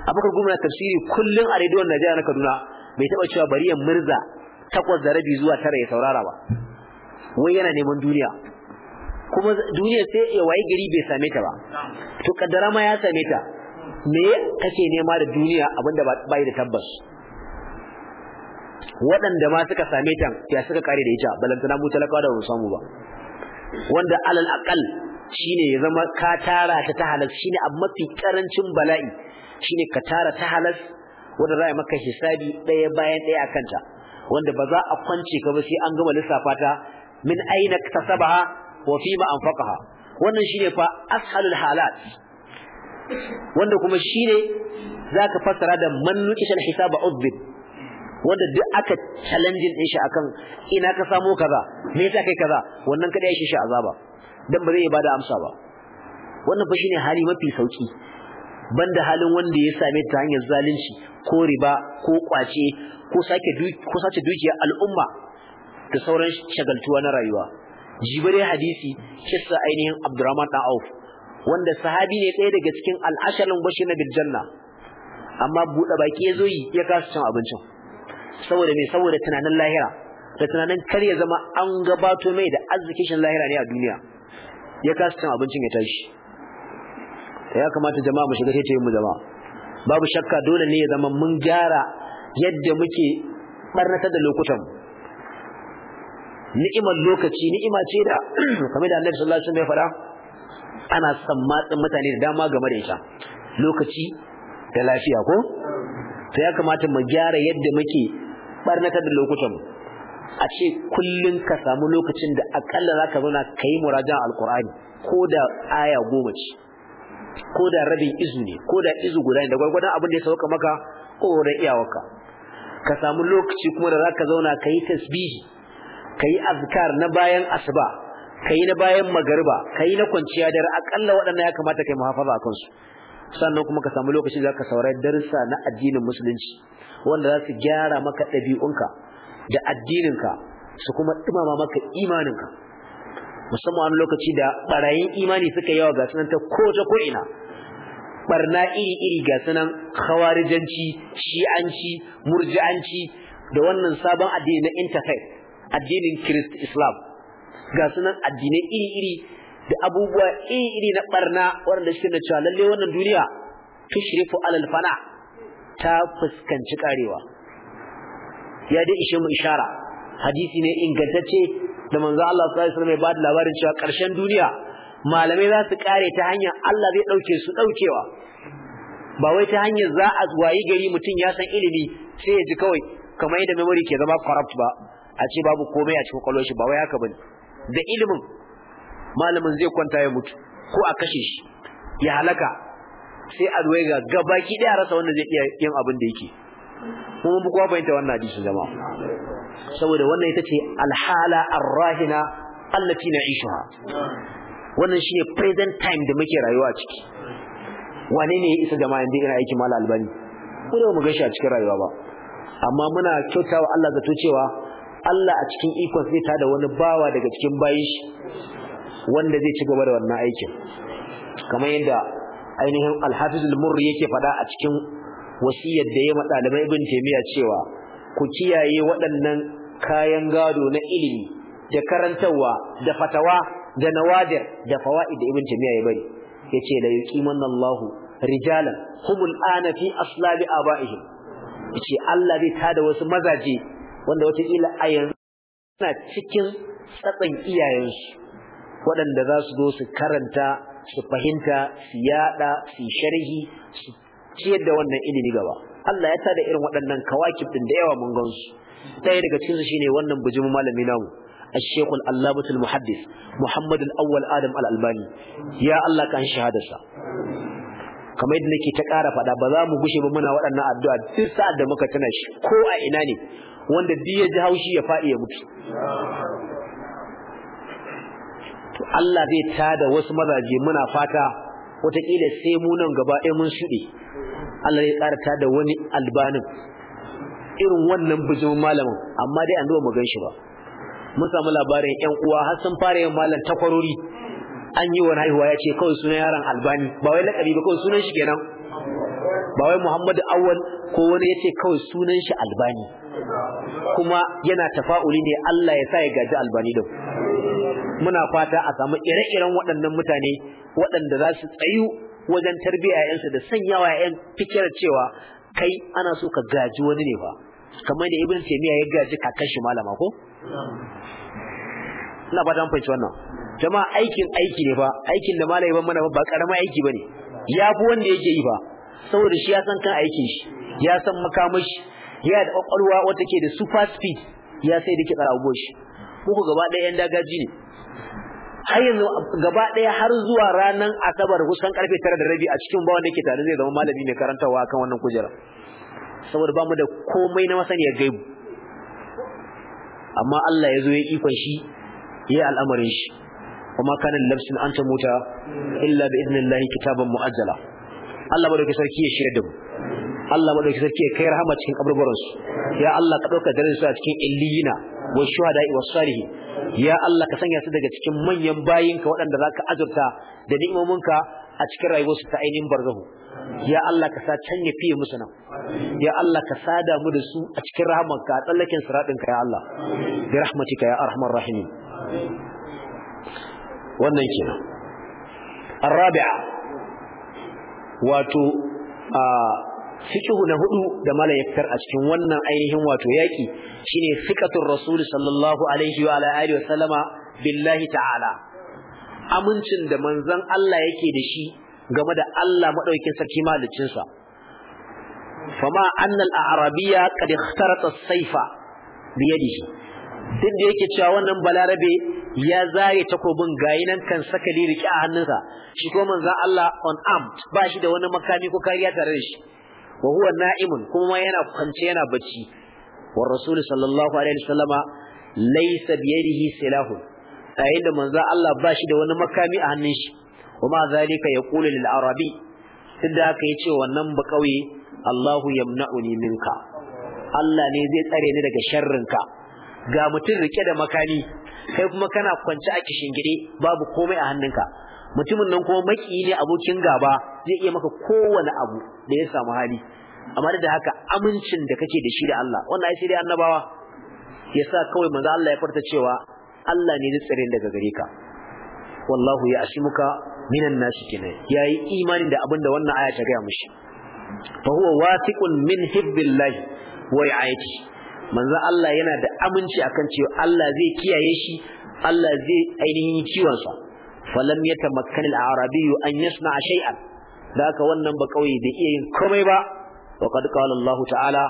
Speaker 1: abubakar gumna tafsiri kullum a rediyon najeriya na kaduna bai taba cewa bari ya murza takwas da rabi zuwa tara ya saurara ba wai yana neman duniya kuma duniya sai ya waye gari bai same ta ba to kaddara ma ya same ta me kake nema da duniya abinda ba bai da tabbas waɗanda ma suka same ta ya suka kare da ita balantana mu talakawa da samu ba wanda alal aqal shine ya zama ka tara ta ta halas shine a mafi karancin bala'i shine ka tara ta halas wanda za a maka hisabi ɗaya bayan ɗaya akan ta wanda ba za a kwance ka ba sai an gama lissafa ta min aina kasabaha wa fi ma anfaqaha wannan shine fa ashalul halat wanda kuma shine zaka fassara da man nukishal hisaba udhib wanda duk aka challenge din shi akan ina ka samo kaza me yasa kai kaza wannan kada ya shi shi azaba dan ba zai ba da amsa ba wannan fa shine hali mafi sauki banda halin wanda ya same ta hanyar zalunci ko riba ko kwace ko sake ko sace dukiyar al'umma da sauran shagaltuwa na rayuwa jibirin hadisi kissa ainihin Abdurrahman dan Auf wanda sahabi ne ɗaya daga cikin al'ashalin bashi na biljanna amma buɗe baki ya zo yi ya kasa cin abincin saboda me saboda tunanin lahira da tunanin kar ya zama an gabato mai da arzikin lahira ne a duniya ya kasa cin abincin ya tashi ya kamata jama'a mu shiga taitayin mu jama'a babu shakka dole ne ya zama mun gyara yadda muke barnatar da lokutan ni'imar lokaci ni'ima ce da [CLEARS THROAT] kamar da Annabi sallallahu alaihi wasallam ya faɗa ana sammatsin mutane da dama game da ita lokaci da lafiya ko Ta ya kamata mu gyara yadda muke barnatar da lokutan a ce kullun ka samu lokacin da akalla zaka zauna kai muraja alqur'ani ko da aya goma ce ko da rabin izu ne ko da izu guda ne da gwargwadon abin da ya sauka maka ko da iyawarka ka samu lokaci kuma da zaka zauna kai tasbihi kai azkar na bayan asuba kai na bayan magariba kai na kwanciya dare akalla waɗannan ya kamata kai muhafaza akan su sannan kuma ka samu lokaci ka saurari darussa na addinin musulunci wanda za su gyara maka ɗabi'unka da addininka su kuma ɗumama maka imaninka musamman wani lokaci da ɓarayin imani suka yawa ga sunan ta ko ta ko'ina barna iri-iri ga sunan khawarijanci shi'anci murji'anci da wannan sabon addini na interfaith addinin kirist islam ga sunan addinai iri-iri da abubuwa iri-iri na ɓarna, waɗanda suke da cewa lalle wannan duniya tushrifu alal fana ta fuskanci karewa ya dai ishe mu ishara hadisi ne ingantacce da manzo Allah sallallahu alaihi wasallam ya bada labarin cewa karshen duniya malamai za su kare ta hanyar Allah zai dauke su daukewa ba wai ta hanyar za a wayi gari mutum ya san ilimi sai ya ji kawai kamar yadda memory ke zama corrupt ba a ce babu komai a cikin kwallon shi ba wai haka bane da ilimin malamin zai kwanta ya mutu ko a kashe shi ya halaka sai a gaba ki ɗaya rasa wanda zai iya yin abin da yake kuma mun fahimta wannan hadisin zama. saboda wannan ita ce alhala arrahina allati na'ishuha wannan shine present time da muke rayuwa ciki wane ne ya isa zama yanzu ina aiki mala albani ko da mu gashi a cikin rayuwa ba amma muna kyautawa Allah zato cewa Allah a cikin ikon zai tada wani bawa daga cikin bayin shi wanda zai ci gaba da wannan aikin kamar yadda ainihin alhafiz al-murri yake faɗa a cikin wasiyar da ya ma ɗalibai ibn taymiya cewa ku kiyaye waɗannan kayan gado na ilimi da karantarwa da fatawa da nawadir da fawaid da ibn taymiya ya bari yace la yuqimanna Allahu rijalan humul ana fi aslabi abaihim yace Allah zai tada wasu mazaje wanda wata kila a yanzu na cikin tsatsan iyayensu waɗanda za su zo su karanta su fahimta su yada su sharhi su ciyar da wannan ilimi gaba Allah ya sa da irin waɗannan kawakib ɗin da yawa mun su. ɗaya daga cikin shi ne wannan bijimin malami namu الشيخ muhaddis Muhammadu محمد الأول آدم الألباني يا الله كان شهادسا kamar yadda nake ta ƙara faɗa ba za mu bushe ba muna waɗannan addu'a duk sa'ad da muka tana shi ko a ina ne wanda duk ya ji haushi ya faɗi ya mutu to Allah zai da wasu mazaje muna fata wataƙila sai mu nan gaba ɗaya mun shuɗe Allah zai ƙara tada wani albanin irin wannan bijimin malamin amma dai an duba mu ganshi ba mun samu labarin ƴan uwa har sun fara yin malam takwarori an yi wani haihuwa ya ce kawai sunan yaron albani ba wai lakabi ba kawai sunan shi kenan ba wai Muhammadu Awwal ko wani ya ce kawai sunan shi albani kuma yana tafa'uli ne Allah ya sa ya gaji albani ku. muna fata a samu ire-iren waɗannan mutane waɗanda za su tsayu wajen tarbiyya yansu da sanyawa yan fikirar cewa kai ana so ka gaji wani ne ba kamar da ibn taymiya ya gaji kakan shi malama ko ina fata an fahimci wannan jama'a aikin aiki ne ba aikin da malai ban mana ba ƙarama aiki bane ya fi wanda yake yi ba saboda shi ya san kan aikin shi ya san makamashi ya da kwakwalwa wata ke da super speed ya sai da ke tsara shi muku gaba ɗaya yan dagaji ne har yanzu gaba ɗaya har zuwa ranar asabar kusan karfe tara da rabi a cikin bawan wanda ke tare zai zama malami mai karantarwa kan wannan kujera saboda ba mu da komai na masaniyar gaibu amma Allah ya zo ya ikon shi ya al'amarin shi kuma kanin lafsin an ta mota illa bi lahi kitaban mu'ajjala Allah madauki sarki ya shirya da mu Allah madauki sarki ya kai rahama cikin kaburburan su ya Allah ka ɗauka darajar su a cikin illiyina Wai shuhada'i was salihi. ya Allah ka sanya su daga cikin manyan bayinka waɗanda zaka azurta da ni'imominka a cikin rayuwarsu ta ainihin barzahu ya Allah ka sa ya fiye musu nan ya Allah ka sada mu da su a cikin rahamarka a tsallaken siratinka ya Allah bi rahmatika ya arhamar rahimin wannan kenan wato a fiqhu na hudu da malaikar a cikin wannan ainihin wato yaki shine fiqatul rasul sallallahu alaihi wa ala alihi wa sallama billahi ta'ala amincin da manzon Allah yake da shi game da Allah madaukin sarki malicin sa fama anna al-arabiyya qad ikhtarat as-sayfa bi yadihi duk da yake cewa wannan balarabe ya zaye takobin gayinan nan kan sakali rike a hannunsa shi ko manzon Allah on armed ba shi da wani makami ko kariya tare da shi wa huwa na'imun kuma yana kwance yana bacci wa rasul sallallahu alaihi wasallama laysa bi yadihi silahu yayin da manzo Allah ba shi da wani makami a hannun shi kuma zalika kula lil arabi tunda yi yace wannan ba kauye Allahu yamna'uni minka Allah ne zai tsare ni daga sharrinka ga mutum rike da makami kai kuma kana kwance a kishingide babu komai a hannunka mutumin nan kuma maki ne abokin gaba zai iya maka kowane abu da ya samu hali amma da haka amincin da kake da shi da Allah wannan ai sai dai annabawa yasa kawai manzo Allah ya farta cewa Allah ne zai tsare daga gare ka wallahu ya ashimuka minan nashi kenan yayi imani da abin da wannan aya ta gaya mishi fa huwa wasiqun min hibbillah wa ya'ati manzo Allah yana da aminci akan cewa Allah zai kiyaye shi Allah zai ainihin ciwon sa falam yatamakkan al-arabi an yasna shay'an da haka wannan ba kauye bai iya yin komai ba wa qad qala Allah ta'ala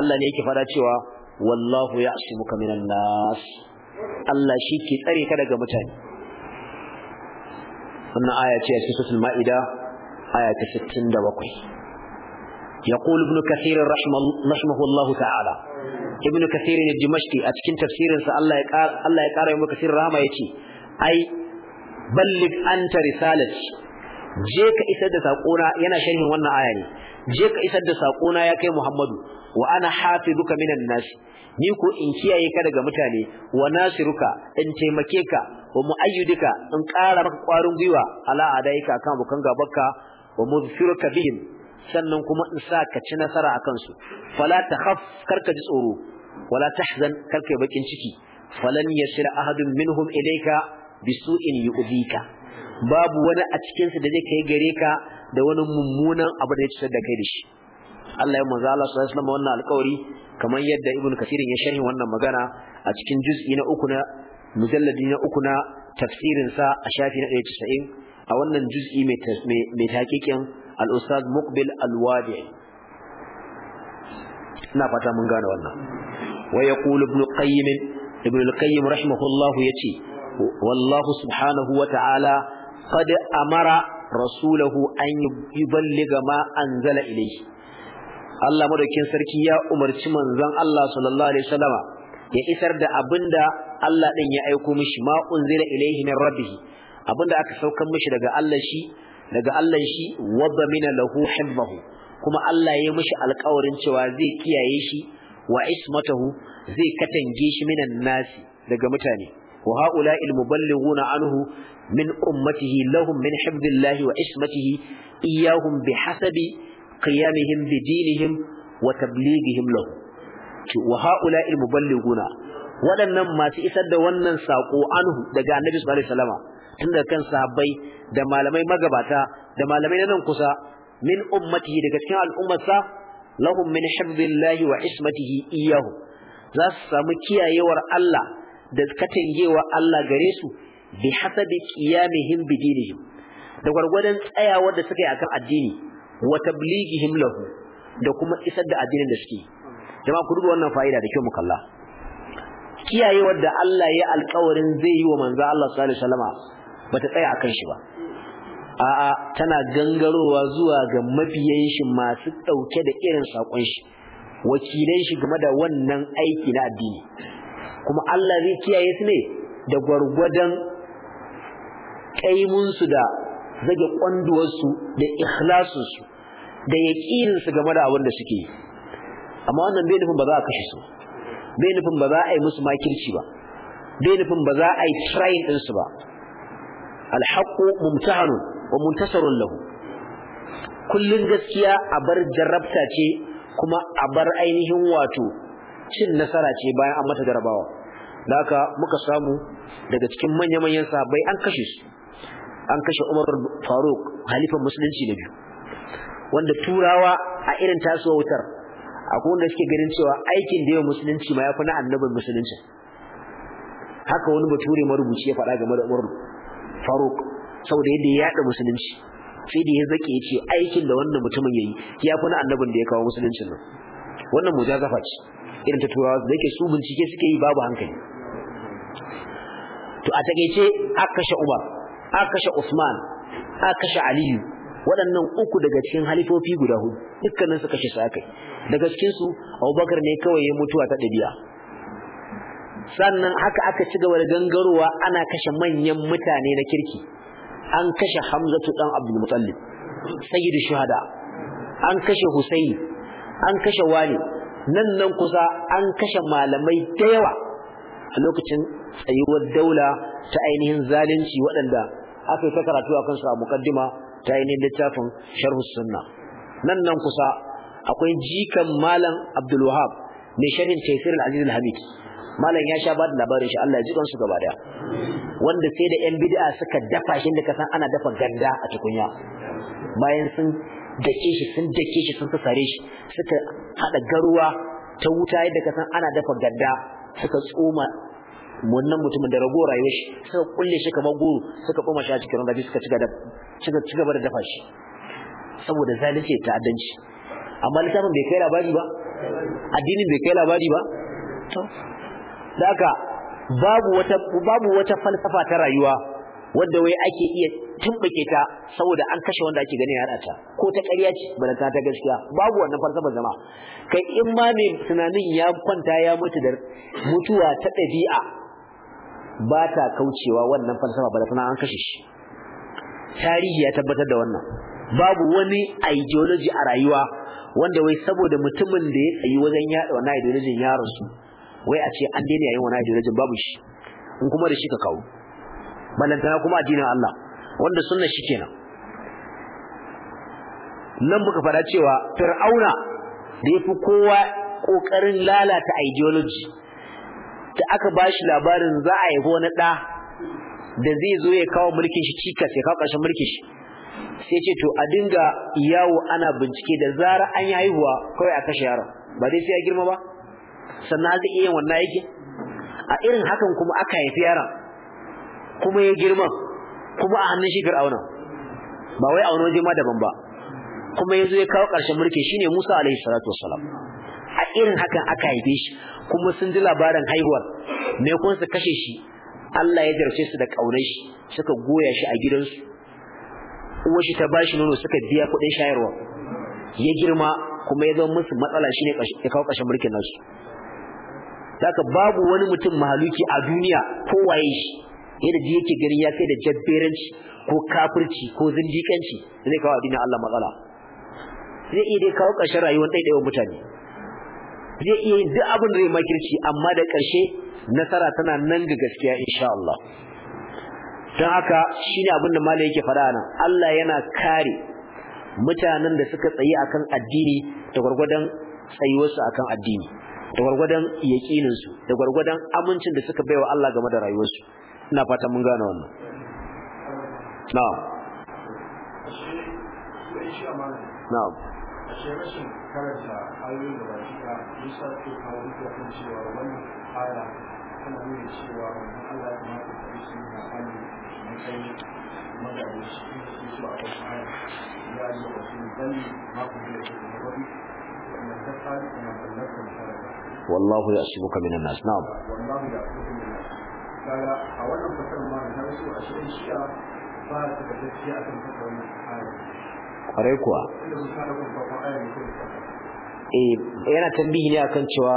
Speaker 1: Allah ne yake fada cewa wallahu ya'simuka minan nas Allah shi ke tsare ka daga mutane wannan aya ce a cikin Ma'ida aya ta 67 يقول ابن كثير رحمه, رحمه الله تعالى ابن كثير الدمشقي اتكن تفسير الله يقال الله يقال ابن كثير رحمه يتي اي ballig anta risalati je ka isar da sakona yana sharhin wannan aya ne je ka isar da sakona ya kai Muhammadu wa ana hafizuka minan nas ni ko in kiyaye ka daga mutane wa nasiruka in taimake ka wa muayyidika in ƙara maka ƙwarin gwiwa ala adaika kan bukan gabanka wa muzfiruka bihim sannan kuma in sa ka ci nasara akan su fala takhaf karka ji tsoro wala tahzan karka bakin ciki falan yasira ahadun minhum ilayka bisu'in ka, babu wani a cikin da zai kai gare ka da wani mummunan abu da ya cutar da kai da shi Allah ya manzo Allah sallallahu alaihi wasallam wannan alƙawari kamar yadda Ibn Kathir ya sharhi wannan magana a cikin juz'i na uku na mujalladi na uku na tafsirin sa a shafi na 190 a wannan juz'i mai mai taqiqin al-ustad Muqbil al-Wadi ina fata mun gane wannan wa yaqulu ibn qayyim ibn al-qayyim rahimahullahu yace wallahu subhanahu wa ta'ala qad amara rasulahu an yuballiga ma anzala ilayhi Allah madaukin sarki ya umarci manzon Allah sallallahu alaihi wasallama ya isar da abinda Allah din ya aiko mishi ma unzila ilayhi min rabbih abinda aka saukar mishi daga Allah shi daga Allah shi wadda mina lahu hibbahu kuma Allah ya mishi alƙawarin cewa zai kiyaye shi wa ismatahu zai katange shi minan nasi daga mutane wa ha'ula'i al-muballighuna anhu min ummatihi lahum min hibdillahi wa ismatihi iyahum bihasabi qiyamihim bi dinihim wa tablighihim lahu wa ha'ula'i al-muballighuna waɗannan masu isar da wannan sako anhu daga annabi sallallahu alaihi wasallam kan sahabbai da malamai magabata da malamai na nan kusa min ummatihi daga cikin al'ummarsa lahum min hibdillahi wa ismatihi iyahu za su samu kiyayewar Allah da katangewa Allah gare su bi hasabi qiyamihim bi dinihim da gwargwadon tsayawar da suka yi akan addini wa tablighihim lahu da kuma isar da addinin da suke jama'a ku duba wannan fa'ida da kyau mu kalla kiyayewar da Allah ya alƙawarin zai yi wa manzo Allah sallallahu alaihi wasallam bata tsaya akan shi ba a'a tana gangarowa zuwa ga mabiyan shi masu dauke da irin sakon shi wakilan shi game da wannan aiki na addini kuma Allah zai kiyaye su ne da gwargwadon kaimunsu da zage kwanduwarsu da ikhlasinsu da yaƙininsu game da abin da suke yi amma wannan bai nufin ba za a kashe su bai nufin ba za a yi musu makirci ba bai nufin ba za a yi trying ɗinsu ba alhaqqu mumtahanun wa muntasarun lahu kullun gaskiya a bar jarrabta ce kuma a bar ainihin wato cin nasara ce bayan an mata jarabawa haka muka samu daga cikin manya-manyan sahabbai an kashe su an kashe Umar Faruk halifan musulunci na biyu wanda turawa a irin tasowa wutar akwai wanda suke ganin cewa aikin da ya musulunci ma ya na annabin musulunci haka wani bature marubuci ya faɗa game da Umar Faruk saboda yadda ya yaɗa musulunci sai da ya zake ya ce aikin da wannan mutumin ya yi ya na annabin da ya kawo musuluncin nan wannan mujazafa ce irin ta turawa da yake su bincike suke yi babu hankali to a takeice aka kashe Umar aka kashe Usman aka kashe Aliyu waɗannan uku daga cikin halifofi guda hudu dukkanin su kashe su daga cikin su Abubakar ne kawai ya mutuwa ta dabiya sannan haka aka ci gaba da gangarowa ana kashe manyan mutane na kirki an kashe Hamzatu dan Abdul Muttalib sayyidu shuhada an kashe Husayn an kashe Wali nan nan kusa an kashe malamai da yawa a lokacin tsayuwar daula ta ainihin zalunci waɗanda aka yi ta karatu a kansu a mukaddima ta ainihin littafin sharhu sunna nan nan kusa akwai jikan malam abdul wahab mai sharhin tafsir al-aziz al-hamid malam ya sha bada labarin shi Allah ya ji kansu gaba daya wanda sai da yan bid'a suka dafa shi da kasan ana dafa ganda a tukunya bayan sun dake shi sun dake shi sun sare shi suka hada garuwa ta wuta yadda kasan ana dafa ganda suka tsoma wannan mutumin da rago rayuwar shi suka kulle shi kamar goro suka koma shi a cikin rafi suka ci gaba da dafa shi saboda zalunci ta addanci amma littafin bai kai labari ba addinin bai kai labari ba to da aka babu wata babu wata falsafa ta rayuwa wanda wai ake iya tumbake ta saboda an kashe wanda ake ganin hada ta ko ta ƙarya ce ba ta ta gaskiya babu wannan falsafar zama kai in ma ne tunanin ya kwanta ya mutu da mutuwa ta ɗabi'a ba ta kaucewa wannan falsafa ba da tana an kashe shi tarihi ya tabbatar da wannan babu wani ideology a rayuwa wanda wai saboda mutumin da ya tsayi wajen yaɗa wannan ideology ya rasu wai a ce an daina yayin wannan ideology babu shi in kuma da shi ka kawo ballantana kuma addinin Allah wanda sunnar shi kenan nan muka fara cewa fir'auna da yafi kowa kokarin lalata ideology da aka bashi labarin za a yi wani ɗa da zai zo ya kawo mulkin shi cikas ya kawo ƙarshen mulkin shi sai ce to a dinga yawo ana bincike da zara an yi haihuwa kawai a kashe yaron ba dai sai ya girma ba sannan aka iya wannan yake a irin hakan kuma aka haifi yaron kuma ya girma kuma a hannun shi fir'auna ba wai auna wani waje ma daban ba kuma ya zo ya kawo ƙarshen mulki shine Musa alaihi salatu wassalam a irin hakan aka haife shi kuma sun ji labarin haihuwar me kun su kashe shi Allah ya jarce su da kaunar shi suka goya shi a gidansu uwar shi ta bashi nono suka biya kuɗin shayarwa ya girma kuma ya zama musu matsala shine ya kawo ƙarshen mulkin nasu Daka babu wani mutum mahaluki a duniya ko waye shi yadda ji yake gani ya kai da jabberanci ko kafirci ko zindiƙanci zai kawo addinin Allah matsala zai iya dai kawo ƙarshen rayuwar ɗaiɗaiwar mutane zai iya yin duk abin da zai makirci amma da ƙarshe nasara tana nan ga gaskiya insha Allah don haka ne abin da malai yake fara nan Allah yana kare mutanen da suka tsayi akan addini da gwargwadon tsayuwarsu akan addini da gwargwadon yakinin da gwargwadon amincin da suka baiwa Allah game da rayuwarsu ina fata mun gane wannan na'am na'am
Speaker 2: ashe rashin karanta ayoyin da baki da Musa ke kawo muku kan cewa wani ala tana nuna cewa wannan Allah ya mata da shi na hannu na kai magana shi shi su a kan aya ya yi da wasu dan ma ku da shi da wani wannan ta fara kuma da kan fara
Speaker 1: wallahu ya ya'sibuka minan nas na'am
Speaker 2: wallahu ya'sibuka minan nas kaga a wannan fasar ma na so a shirin shi'a ba ta da gaskiya akan wannan aya
Speaker 1: kwarai kuwa eh yana tambihi ne akan cewa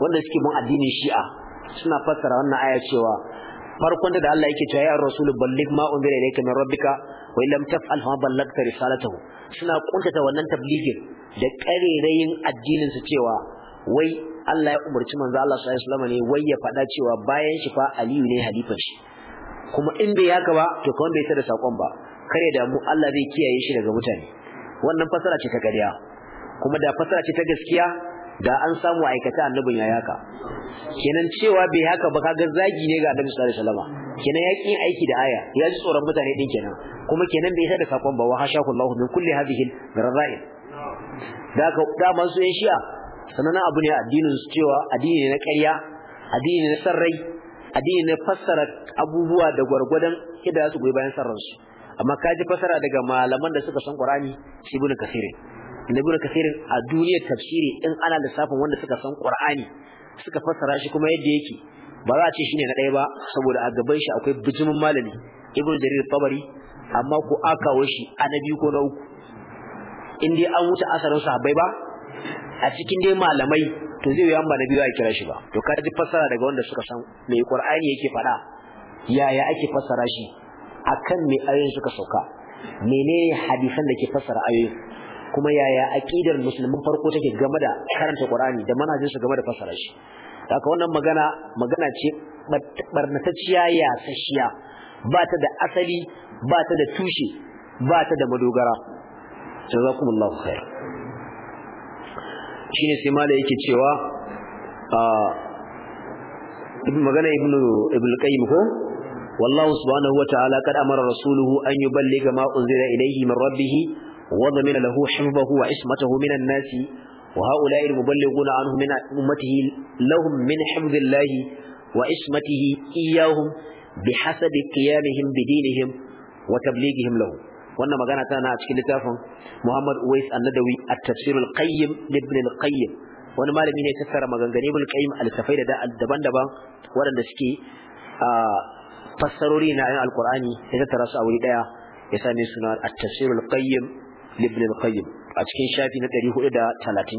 Speaker 1: wanda suke bin addinin Shi'a suna fassara wannan aya cewa farkon da Allah yake cewa ya rasulu ballig ma umira ilayka min rabbika wa illam taf'al fa ballagta risalatahu suna kuntata wannan tablighin da karerayin addinin su cewa wai Allah ya umarci manzo Allah sallallahu alaihi wasallam ne wai ya fada cewa bayan shi fa Aliyu ne halifar shi kuma in bai haka ba to kawai bai tada sakon ba kare mu Allah zai kiyaye shi daga mutane wannan fasara ce ta ƙarya kuma da fasara ce ta gaskiya da an samu aikata annabin ya kenan cewa bai haka ba kaga zagi ne ga annabi sallallahu alaihi wasallam kenan ya aiki da aya ya ji tsoron mutane din kenan kuma kenan bai da sakon ba wa hasha kullahu min kulli hadhihi razail da ka da masu yan shi'a sanana abu ne addinin su cewa addini ne na ƙarya addini ne na sarrai addini ne fassara abubuwa da gwargwadon kida su goyi bayan sarransu amma ka ji fasara daga malaman da suka san Qur'ani shi ibn Kathir ibn Kathir a duniyar tafsiri in ana lissafin wanda suka san Qur'ani suka fasara shi kuma yadda yake ba za a ce shine na ɗaya ba saboda a gaban shi akwai bijimin malami ibn Jarir Tabari amma ku akawo shi a biyu ko na uku in dai an wuce asarin sahabbai ba a cikin dai malamai to zai yi ba na biyu a kira shi ba to ka ji fassara daga wanda suka san me Qur'ani yake faɗa yaya ake fasara shi akan me ayoyin suka sauka menene hadisan da ke fassara ayoyin kuma yaya aqidar musulmin farko take game da karanta Qur'ani da manhajin su game da fassara shi haka wannan magana magana ce barnatacciya ya sashiya ba ta da asali ba ta da tushe ba ta da madogara jazakumullahu khair shine sai mala yake cewa magana ibnu ibnu qayyim ko wallahu subhanahu ta'ala kad amara rasuluhu an yuballigha ma unzila ilayhi min rabbih wa haula'i al-muballighuna anhu min ummatihi lahum min hifdhillahi wa ismatihi iyahum bihasabi qiyamihim bidinihim wa tablighihim lahu wannan magana tana a cikin littafin Muhammad wani malami ne tattara maganganun Ibn Qayyim al-safai da daban-daban waɗanda suke ah, fassarori na ayin alqur'ani ya tattara su a wuri daya ya same suna at-tafsir al-qayyim ibn al-qayyim a cikin shafi na 430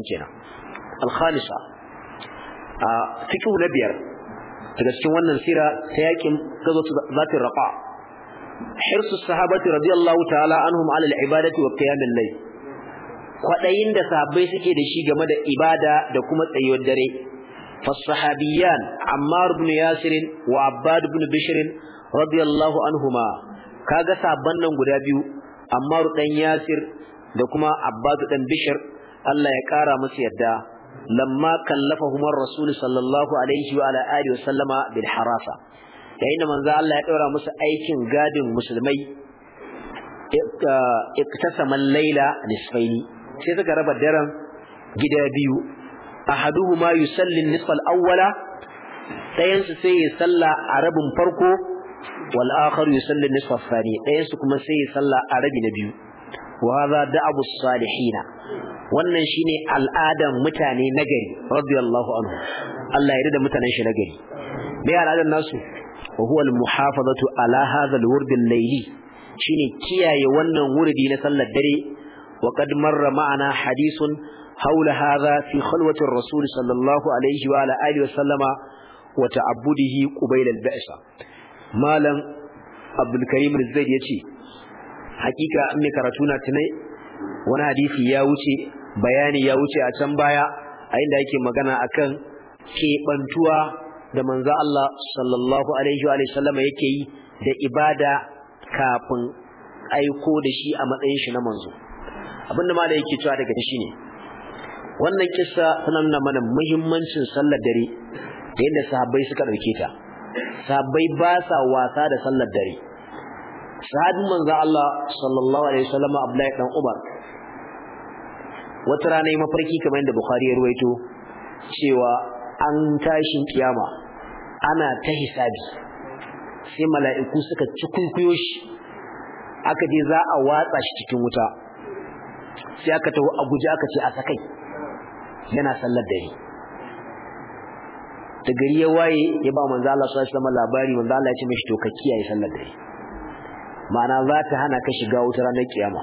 Speaker 1: kenan al-khamisa a fiqh na biyar daga cikin wannan sira ta yakin gazatu zatir raqa hirsu sahabati radiyallahu ta'ala anhum ala al-ibadati wa qiyam al-layl kwadayin da sahabbai suke da shi game da ibada da kuma tsayuwar dare فالصحابيان عمار بن ياسر وعباد بن بشر radiyallahu anhuma kaga sabban nan guda biyu Ammar dan Yasir da kuma Abbas dan Bishr Allah ya kara musu yadda lamma kallafahum ar-rasul sallallahu alaihi wa ala alihi wasallama bil harasa yayin manzo Allah ya daura musu aikin gadin musulmai iktasaman laila nisfaini sai suka raba daren gida biyu ahaduhuma yusalli nisfal awwala dayan su sai ya salla a rabin farko wal akhar yusalli nisfa thani ɗayan su kuma sai ya salla a rabi na biyu wa hadha da'abu wannan shine al'adan mutane nagari radiyallahu anhu Allah ya da mutanen shi nagari me al'adan nasu wa huwa al muhafazatu ala hadha al wurd al layli shine kiyaye wannan wurdi na sallar dare wa qad marra ma'ana hadithun حول rasul في خلوة الرسول صلى الله عليه وعلى آله وسلم وتعبده قبيل البعثة malam abdulkarim zaid ya ce hakika an mai karatu na tunai wani hadisi ya wuce bayani ya wuce a can baya a inda yake magana akan keɓantuwa da manzo Allah sallallahu alaihi wa sallam yake yi da ibada kafin aiko da shi a matsayin shi na manzo da malam yake cewa daga shi ne wannan kissa tana nuna mana muhimmancin sallar dare da yadda sahabbai suka ɗauke ta sabai ba sa wasa da sallar dare sahabin manzo Allah sallallahu alaihi wasallam Abdullahi dan Umar wata rana mafarki kamar yadda Bukhari ya ruwaito cewa an tashin kiyama ana ta hisabi sai mala'iku suka cikunkuyo shi aka je za a watsa shi cikin wuta sai aka tawo a guji aka ce a sakai yana sallar dare da gari ya waye ya ba manzo Allah sallallahu alaihi wasallam labari manzo Allah ya ce mishi to ka kiyaye sallar dare ma'ana za ta hana ka shiga wutar ranar kiyama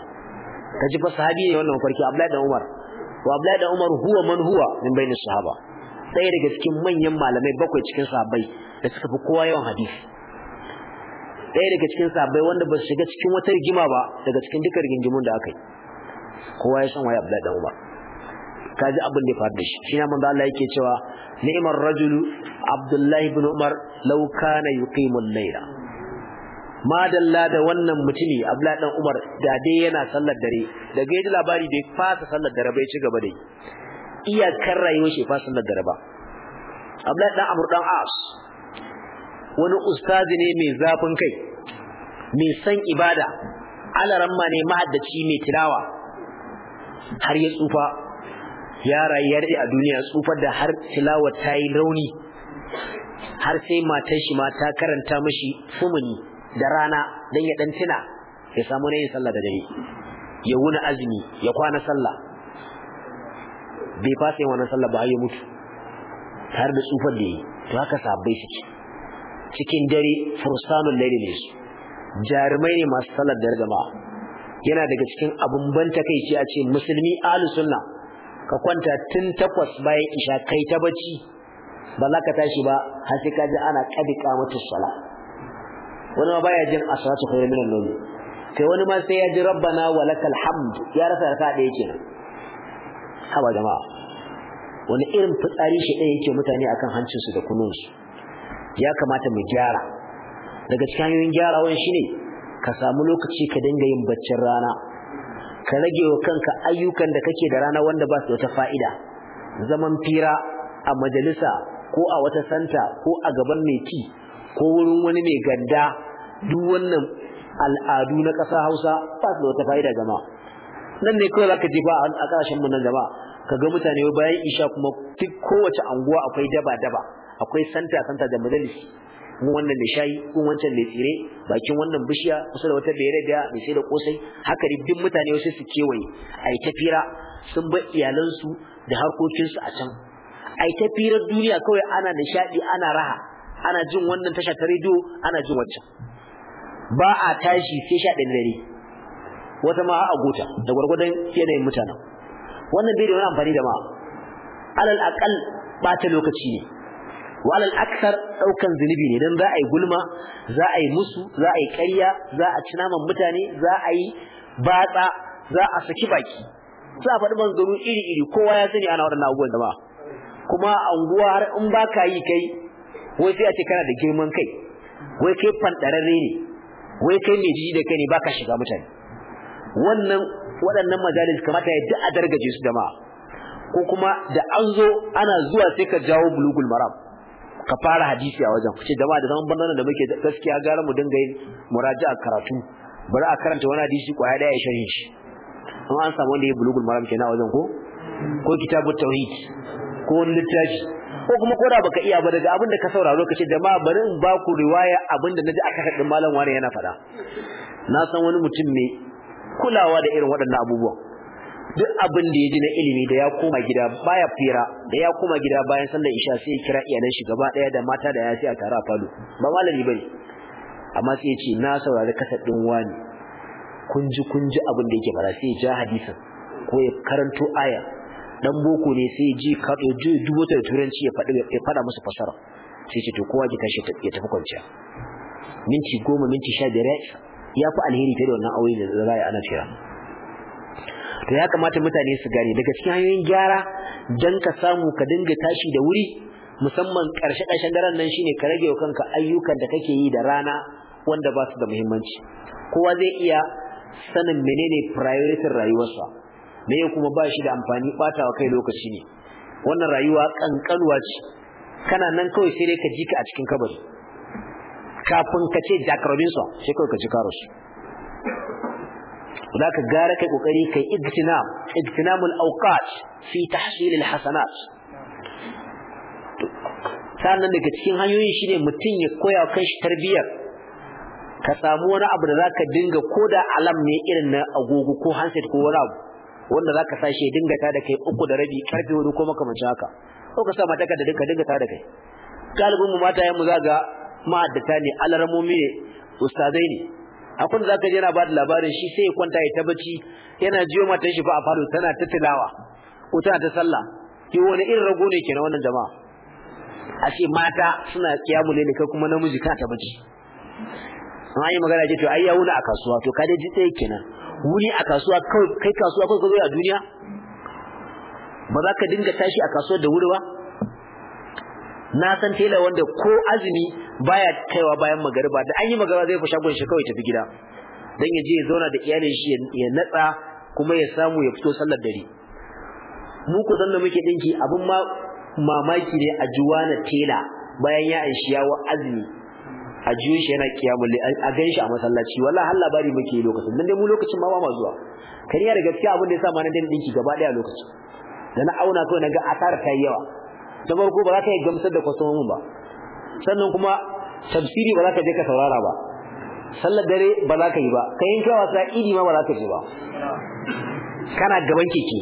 Speaker 1: kaji fa sahabi ne wannan farki Abdullahi dan Umar wa Abdullahi dan Umar huwa man huwa min bayin sahaba sai daga cikin manyan malamai bakwai cikin sahabbai da suka fi kowa yawan hadisi ɗaya daga cikin sahabbai wanda ba su shiga cikin wata rigima ba daga cikin duka rigingimun da aka yi kowa ya san waye Abdullahi dan Umar kaji abin da ya faru da shi shine manzo Allah yake cewa عبد الله abdullahi عمر umar كان يقيم الليل ما madalla da wannan mutumi abdullahi dan umar da dai yana sallar dare da gaji labari da fasa sallar dare bai ci gaba da yi iyakar rayuwar shi fasa sallar dare ba abdullahi dan amr dan as wani ustazi ne mai zafin kai mai san ibada alaramma ne mahaddaci mai tilawa har ya tsufa ya rayu ya a duniya tsufar da har tilawa ta yi rauni har sai matan shi ma karanta mashi fumuni da rana dan ya dan tuna ya samu yin sallah da dare ya wuna azumi ya kwana sallah bai fasa yin wannan sallah ba ya mutu har da tsufar da yi to haka su suke cikin dare fursanun lairi ne su jarumai ne masu sallar da jama'a yana daga cikin abun ban ce a ce musulmi ahlus ka kwanta tun takwas bayan isha kai ta bacci ba za ka tashi ba har sai ka ji ana kadi qamatus sala wani ma baya jin asratu khairun minan nawm kai wani ma sai ya ji rabbana walakal hamd ya rasa ya da yake haba jama'a wani irin fitsari shi ɗaya yake mutane akan hancinsu da su, ya kamata mu gyara daga cikin hanyoyin gyarawan shine ka samu lokaci ka dinga yin baccin rana ka rage wa kanka ayyukan da kake da rana wanda ba su wata fa'ida zaman fira a majalisa ko a wata santa ko a gaban mai ci ko wurin wani mai ganda duk wannan al'adu na ƙasa Hausa ba su da wata fa'ida gama nan ne kawai zaka jefa ba a ƙasashen mu nan Ka ga mutane bayan isha kuma kowace anguwa akwai daba daba akwai santa santa da majalisi mu wannan mai shayi ko wancan mai tsire bakin wannan bishiya kusa da wata bere da mai sai da kosai haka ribbin mutane wasu su kewaye ai yi fira sun bar iyalansu da harkokinsu a can ai yi firar duniya kawai ana nishaɗi, ana raha ana jin wannan tasha ta rediyo ana jin wancan. ba a tashi sai sha ɗin dare wata ma a gota da gwargwadon yanayin mutanen wannan bai da wani amfani da ma alal aqal ɓata lokaci ne walal aksar ɗaukan zunubi ne dan za a yi gulma za a yi musu za a yi ƙarya za a ci naman mutane za a yi batsa za a saki baki za a faɗi zuru iri iri kowa ya sani ana waɗannan abubuwan da ba kuma a har in ba ka yi kai wai sai a ce kana da girman kai wai kai fantararre ne wai kai mai jiji da kai ne ba ka shiga mutane wannan waɗannan majalis kamata ya duk a dargaje su jama'a ko kuma da an zo ana zuwa sai ka jawo bulugul maram ka fara hadisi a wajen kuce jama'a da zaman bannan da muke gaskiya gara mu dinga yin muraji'a karatu bari a karanta wani hadisi kwaya daya ya sharhi shi amma an samu wanda ya bulugul maram ke na wajen ko ko kitabut tauhid ko wani littafi ko kuma ko da baka iya ba daga abin da ka sauraro kace jama'a bari in ba ku riwaya abin da naji aka hadin malam wani yana faɗa na san wani mutum mai kulawa da irin waɗannan abubuwan duk abin da ya ji na ilimi da ya koma gida baya fira da ya koma gida bayan sallar isha sai ya kira iyalan shi gaba daya da mata da sai a tare a falo ba malami bane amma sai ya ce na saurari kasadin wani kun ji kun ji abin da yake fara sai ya ja hadisin ko ya karanto aya dan boko ne sai ya ji kado ji dubo ta turanci ya faɗi ya faɗa musu fasara sai ce to kowa ki tashi ya tafi kwanciya minti goma minti sha biyar ya fi alheri ta da wannan aure da za a yi ana tsira. to ya kamata mutane su gane daga cikin hanyoyin gyara dan ka samu ka dinga tashi da wuri musamman karshe karshen daren nan shine ka rage kanka ayyukan da kake yi da rana wanda ba su da muhimmanci kowa zai iya sanin menene priority rayuwarsa me kuma ba shi da amfani batawa kai lokaci ne wannan rayuwa kankanuwa ce kana nan kawai sai dai ka ji ka a cikin kabari kafin ka ce Jack Robinson sai kawai ka ji Karos za ka gara kai kokari kai igtinam igtinamul awqat fi tahsil al sannan daga cikin hanyoyin shine mutum ya koya kan shi tarbiyyar ka samu wani abu da za ka dinga ko da alam ne irin na agogo ko handset ko wani abu wanda zaka sa shi dinga ta da kai uku da rabi karfe wani ko makamancin haka ko ka sa mata ka dinga dinga ta da kai galibin mu mata yayin mu zaga ma'addata ne alarmomi ne ustazai ne akwai da zaka je yana bada labarin shi sai ya kwanta ya tabbaci yana jiyo matan shi fa a faru. tana ta tilawa ko tana ta sallah ki wani irin rago ne kenan wannan jama'a a ce mata suna kiyamu ne kai kuma namiji ka tabbaci an yi magana ce to ai ya wuni a kasuwa to ka dai ji tsaye kenan wuni a kasuwa kai kasuwa kai ka zo a duniya ba za ka dinga tashi a kasuwar da wuri ba na san tela wanda ko azumi baya kaiwa bayan magariba da an yi magariba zai fi shagon shi kawai tafi gida dan ya je ya zauna da iyalin shi ya natsa kuma ya samu ya fito sallar dare mu ku da muke dinki abin ma mamaki ne a na tela bayan ya aishi yawo azumi a juyin shi yana kiyamul a gan shi a masallaci wallahi har labari muke lokacin dan dai mu lokacin ma ba ma zuwa kariya da gaskiya abin da yasa ma na dinki gaba daya lokacin da na auna to na ga asar ta yawa ta farko ba za ka yi gamsar da kwastomomin ba sannan kuma tafsiri ba za ka je ka saurara ba sallar dare ba za ka yi ba ka yin kawa sa idi ma ba za ka yi ba kana gaban keke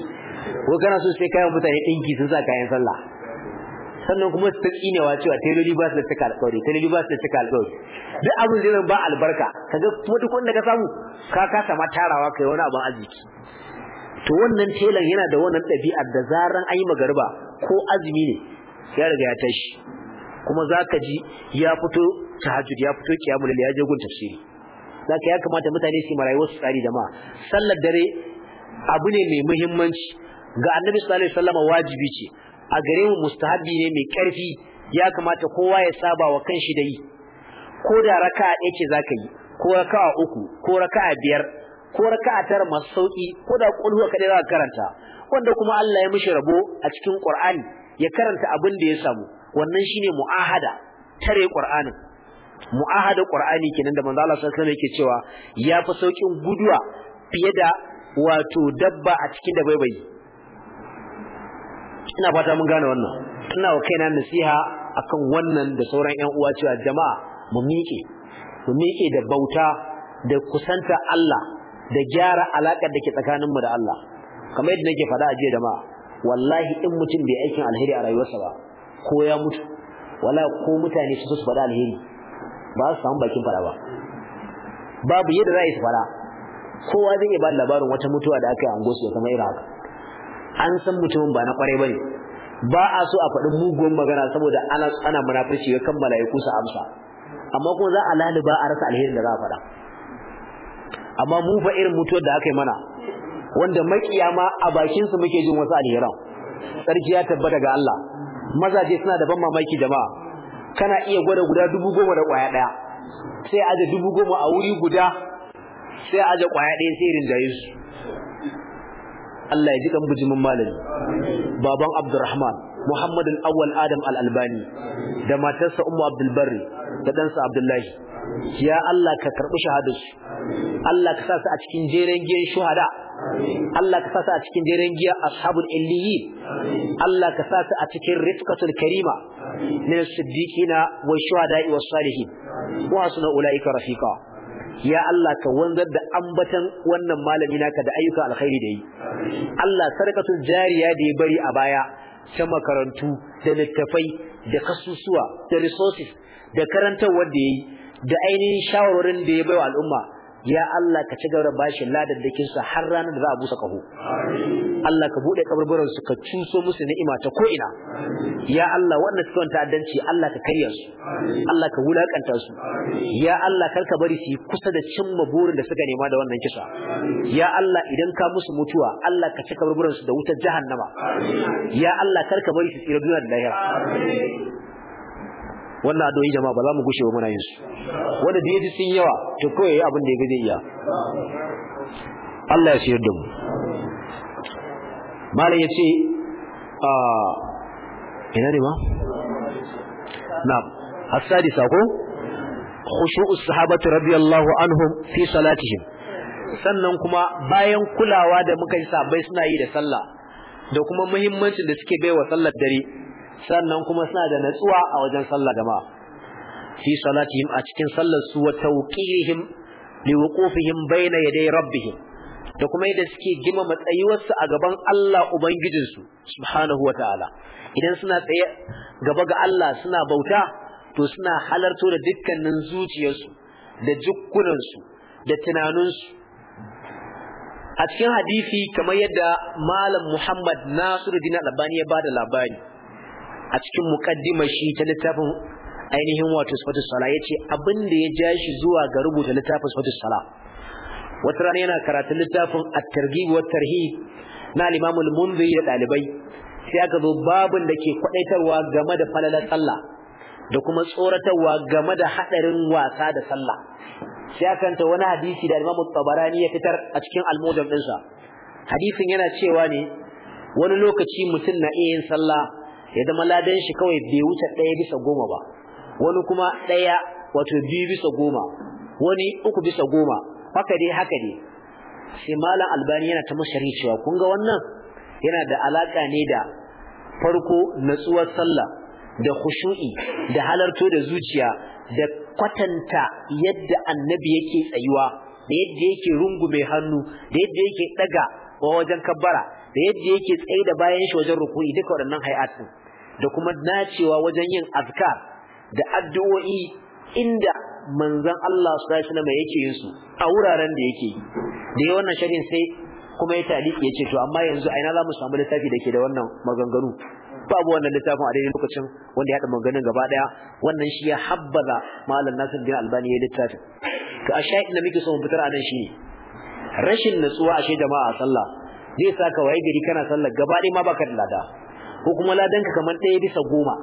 Speaker 1: ko kana so sai kayan mutane dinki sun sa kayan sallah sannan kuma su ta tsinewa cewa teloli ba su da cika alƙawari teloli ba su da cika alƙawari duk abin zai ba albarka kaga kuma duk wanda ka samu ka kasa ma tarawa kai wani abin arziki to wannan telan yana da wannan ɗabi'ar da zaran an yi magarba ko azumi ne ya riga ya tashi kuma zaka ji ya fito tahajjud ya fito kiyamul layl ya je gun tafsiri zaka ya kamata mutane su marayuwar su tsari ma. sallar dare abu ne mai muhimmanci ga annabi sallallahu alaihi wasallam wajibi ce a gare mu mustahabi ne mai karfi ya kamata kowa ya saba wa kanshi da yi ko da raka'a ɗaya ce zaka yi ko raka'a uku ko raka'a biyar ko raka'a tara masu sauki ko da kulhu kadai zaka karanta wanda kuma Allah ya mishi rabo a cikin Qur'ani ya karanta abin da ya samu wannan shine mu'ahada tare Qur'ani mu'ahada Qur'ani kenan da manzo Allah sallallahu alaihi wasallam yake cewa ya fi saukin guduwa fiye da wato dabba a cikin da bai bai ina fata mun gane wannan ina wa kaina nasiha akan wannan da sauran ƴan uwa cewa jama'a mu miƙe mu miƙe da bauta da kusanta Allah da gyara alaƙar da ke tsakaninmu da Allah kamar yadda nake faɗa a jiya da ma wallahi in mutum bai aikin alheri a rayuwarsa ba ko ya mutu wallahi ko mutane su su faɗa alheri ba su samu bakin faɗa ba babu yadda za a yi su faɗa kowa zai iya ba labarin wata mutuwa da aka yi angosu ya kamar irin haka an san mutumin ba na kwarai bane ba a so a faɗi muguwar magana saboda ana ana munafurci ga kan malaiku su amsa amma kuma za a laluba a rasa alherin da za a faɗa amma mu fa irin mutuwar da aka yi mana wanda makiyama a bakin su muke jin wasu alheran sarki ya tabbata ga Allah mazaje suna da ban mamaki jama'a kana iya gwada guda dubu goma da kwaya daya sai aje dubu goma a wuri guda sai aje kwaya daya sai rinjaye su Allah ya ji kan bujimin malami baban Abdurrahman Muhammad al-Awwal Adam al-Albani da matarsa Ummu Abdul Barri da ɗansa Abdullahi ya Allah ka karɓi shahadarsu Allah ka sa su a cikin jeren gen shuhada Allah ka sasa a cikin daren giya ashabul illiyin Allah ka sasa a cikin rifqatul karima min as-siddiqina wa shuhada'i was salihin wa hasuna ulaika rafiqa ya Allah ka wanzar da ambatan wannan malami naka da ayyuka alkhairi da yi Allah sarkatul jariya da ya bari a baya ta makarantu da littafai da kasusuwa da resources da karantar wanda yayi da ainihin shawarwarin da ya bai wa al'umma ya Allah ka ci gaba da bashi ladaddakin sa har ranar da za a busa kaho Allah ka bude kaburburan su ka cuso musu ni'ima ta ko ina ya Allah wannan sukan ta'addanci Allah ka karya su Allah ka wulakanta su ya Allah kar ka bari su kusa da cimma burin da suka nema da wannan kisa ya Allah idan ka musu mutuwa Allah ka ci kaburburan su da wutar jahannama ya Allah kar ka bari su tsira duniya da lahira wannan addu'o'i jama'a ba za mu gushe ba muna yin su wanda da yaji sun yawa to kawai yayi abin da ya zai iya Allah ya siyar da mu ya ce a ah, ina ne ba na asadi sako khushu'us sahabatu radiyallahu anhum fi salatihim sannan kuma bayan kulawa da muka yi sabai suna yi da sallah da kuma muhimmancin da suke baiwa sallar dare sannan kuma suna da natsuwa a wajen sallah jama'a fi salatihim a cikin sallar su wa tawqihim wuqufihim bayna yaday rabbihim da kuma yadda suke gima su a gaban Allah ubangijinsu subhanahu wa ta'ala. idan suna tsaye gaba ga Allah suna bauta to suna halarto da dukkanin zuciyarsu da su da tunaninsu a cikin hadisi kamar yadda malam Muhammad Nasiruddin Albani ya bada labari a cikin mukaddimar shi ta littafin ainihin wato sifatu sala yace abin da ya ja shi zuwa ga rubuta littafin sifatu sala wata rana yana karatun littafin at-targhib wa tarhib na al-imam al-mundhi da dalibai sai aka zo babin da ke kwadaitarwa game da falalar sallah da kuma tsoratarwa game da hadarin wasa da sallah sai aka tanta wani hadisi da Imam Tabarani ya fitar a cikin al-Mujam dinsa hadisin yana cewa ne wani lokaci mutum na iya yin sallah ya zama ladan shi kawai bai wuce ɗaya bisa goma ba wani kuma ɗaya wato biyu bisa goma wani uku bisa goma haka dai haka dai sai malam albani yana ta mashari cewa kun ga wannan yana da alaƙa ne da farko natsuwar sallah da khushu'i da halarto da zuciya da kwatanta yadda annabi yake tsayuwa da yadda yake rungume hannu da yadda yake daga wajen kabbara da yadda yake tsaye da bayan shi wajen ruku'i duka waɗannan hay'at da kuma dacewa wajen yin azkar da addu'o'i inda manzon Allah sallallahu alaihi wasallam yake yin su a wuraren da yake yi da yawan wannan sai kuma ya taliki ce to amma yanzu a ina za mu samu littafi da ke da wannan maganganu babu wannan littafin a daidai lokacin wanda ya haɗa maganganun gaba ɗaya wannan shi ya habbaza malam Nasir bin Albani ya littafin ka ashai da muke so mu fitar a nan ne rashin natsuwa ashe jama'a sallah zai saka waye gari kana sallar gaba ɗaya ma baka da lada ko kuma ladan ka kamar ɗaya bisa goma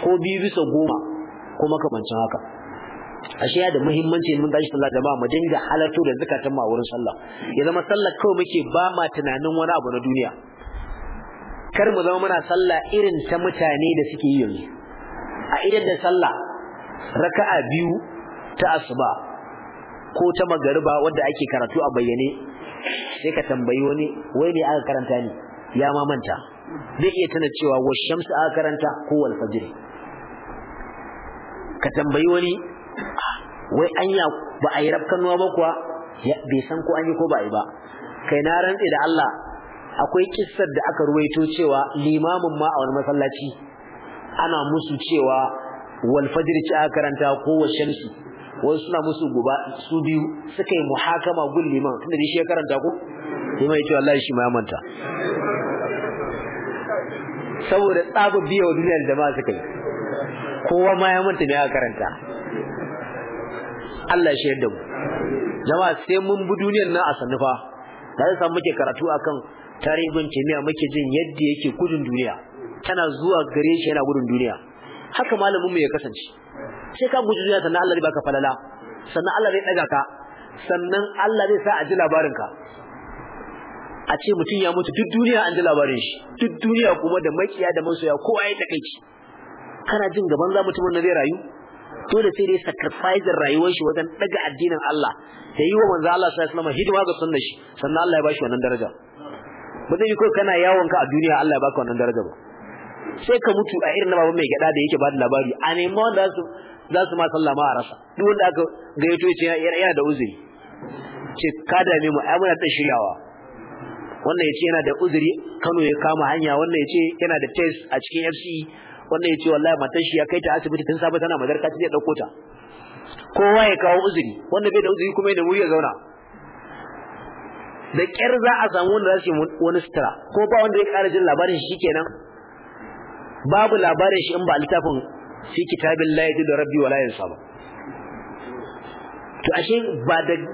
Speaker 1: ko biyu bisa goma ko makamancin haka ashe ya da muhimmanci mun tashi sallah jama'a mu dinga halarto da zakatun ma wurin sallah ya zama sallah kawai muke ba ma tunanin wani abu na duniya kar mu zama muna sallah irin ta mutane da suke yi yanzu a idan da sallah raka'a biyu ta asuba ko ta magariba wanda ake karatu a bayyane sai ka tambayi wani wai ne aka karanta ni ya ma manta zai iya tana cewa wa shamsu aka karanta ko wal fajr ka tambayi wani wai anya ba a yi rafkanuwa ba kuwa bai san ko an yi ko ba a yi ba kai na rantse da Allah akwai kissar da aka ruwaito cewa limamin ma a wani masallaci ana musu cewa wal fajr ci aka karanta ko wa shamsi wasu suna musu guba su biyu suka yi muhakama gun liman tunda shi ya karanta ko sai mai ce wallahi shi ma ya manta saboda tsabu biya wa duniyar da suka kai kowa ma ya manta ne aka karanta Allah shi yadda mu jama'a sai mun bi duniyar nan a sannufa da zai samu muke karatu akan tarihin kimiyya muke jin yadda yake gudun duniya tana zuwa gare shi yana gudun duniya haka malamin mu ya kasance sai ka gudu duniya sannan Allah zai baka falala sannan Allah zai daga ka sannan Allah zai sa a ji labarin ka a ce mutum ya mutu duk duniya an ji labarin shi duk duniya kuma da makiya da masoya kowa ya takaici kana jin gaban za mutum na zai rayu dole sai dai sacrifice rayuwar shi wajen daga addinin Allah da yi wa manzo Allah sallallahu alaihi wasallam hidima ga sunnar shi sannan Allah ya bashi wannan daraja ba zai kai kana yawon ka a duniya Allah ya baka wannan daraja ba sai ka mutu a irin na mai gada da yake ba da labari a nemi wanda su za su ma sallama a rasa duk wanda aka gayyato ya ce yana da uzuri ce ka dame mu ai muna ta shiryawa wannan ya ce yana da uzuri Kano ya kama hanya wannan ya ce yana da test a cikin FC wannan ya ce wallahi matar shi ya kai ta asibiti tun sabu tana madarka ta ɗauko ta kowa ya kawo uzuri Wannan bai da uzuri kuma yana wuri ya zauna da kyar za a samu wanda za su yi wani sutura ko ba wanda ya ƙara jin labarin shi kenan babu labarin shi in ba littafin fi kitabin la da rabbi wala yansa ba to ashe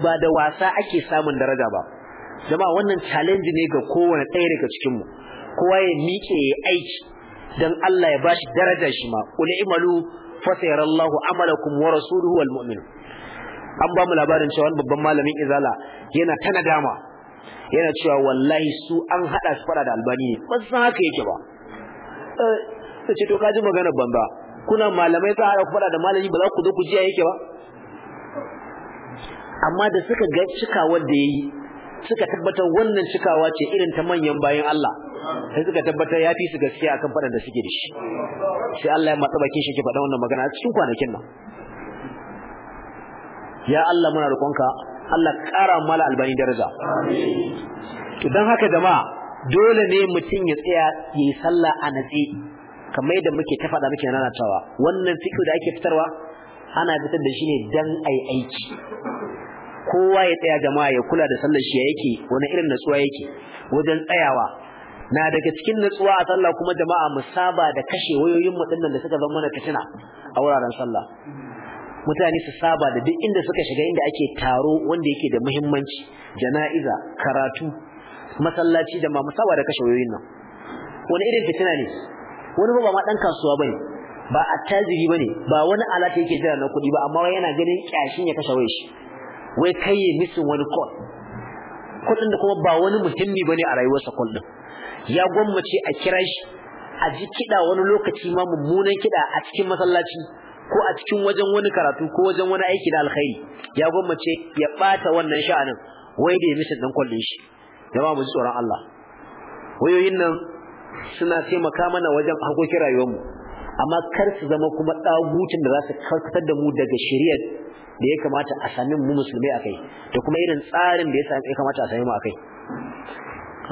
Speaker 1: ba da wasa ake samun daraja ba jama'a wannan challenge ne ga kowane ɗaya daga cikin mu kowa ya miƙe ya aiki dan Allah ya bashi darajar shi ma qul imalu fa sayarallahu amalakum wa rasuluhu wal mu'minun an ba mu labarin cewa babban malamin izala yana ta nadama yana cewa wallahi su an hada su fara da albani ne ba san haka yake ba eh ce to kaji magana banza kuna malamai ta hada ku fara da malami ba za ku zo ku jiya yake ba amma da suka ga cikawar da yayi suka tabbatar wannan cikawa ce irin ta manyan bayan Allah sai suka tabbatar yafi su gaskiya akan fadan da suke da shi sai Allah ya matsa bakin shi ke faɗa wannan magana cikin kwanakin nan ya Allah muna roƙonka Allah ƙara mala albani daraja amin haka dan haka jama'a dole ne mutum ya tsaya yayi sallah a natsi kamar yadda muke ta faɗa muke nanatawa wannan fikihu da ake fitarwa ana fitar da shi ne dan ai aiki kowa ya tsaya jama'a ya kula da sallar shi yake wani irin natsuwa yake wajen tsayawa na daga cikin natsuwa a sallah kuma jama'a mu saba da kashe wayoyin mu da suka zama mana fitina a wuraren sallah mutane su saba da duk inda suka shiga inda ake taro wanda yake da muhimmanci jana'iza karatu masallaci da ma musaba da kashe wayoyin nan wani irin fitina ne wani ba ma dan kasuwa bane ba attajiri bane ba wani alata yake jira na kuɗi ba amma yana ganin kyashin ya kashe wayoyin wai kai ya misin wani kwan? call da kuma ba wani muhimmi ne a rayuwarsa kullum. ya gwammace a kira shi a ji kida wani lokaci ma mummunan kida a cikin masallaci ko a cikin wajen wani karatu ko wajen wani aiki da alkhairi ya gwammace ya bata wannan sha'anin wai da ya misa dan call shi jama'a mu ji tsoron Allah wayoyin nan suna taimaka mana wajen harkokin rayuwarmu amma kar su zama kuma ɗagutin da za su karkatar da mu daga shari'ar da ya kamata a sami mu musulmai akai da kuma irin tsarin da ya ya kamata a sami mu akai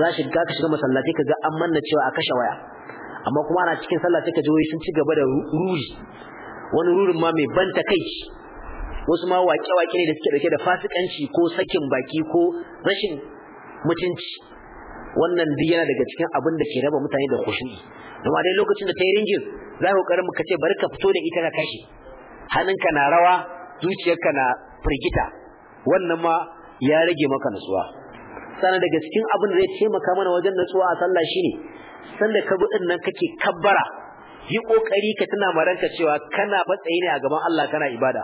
Speaker 1: za shi ka shiga masallaci ka an manna cewa a kashe waya amma kuma ana cikin sallaci ka ji sun ci gaba da ruri wani rurin ma mai banta kai wasu ma wake-wake ne da suke dauke da fasikanci ko sakin baki ko rashin mutunci wannan duk yana daga cikin abin da ke raba mutane da kushi amma dai lokacin da ta yi ringin za ka mu ka ce bari ka fito da ita ka kashe hannunka na rawa zuciyarka na firgita wannan ma ya rage maka nutsuwa sana daga cikin abin da zai taimaka mana wajen nutsuwa a sallah shine sanda ka din nan kake kabbara yi kokari ka tuna ma ranka cewa kana batsayi ne a gaban Allah kana ibada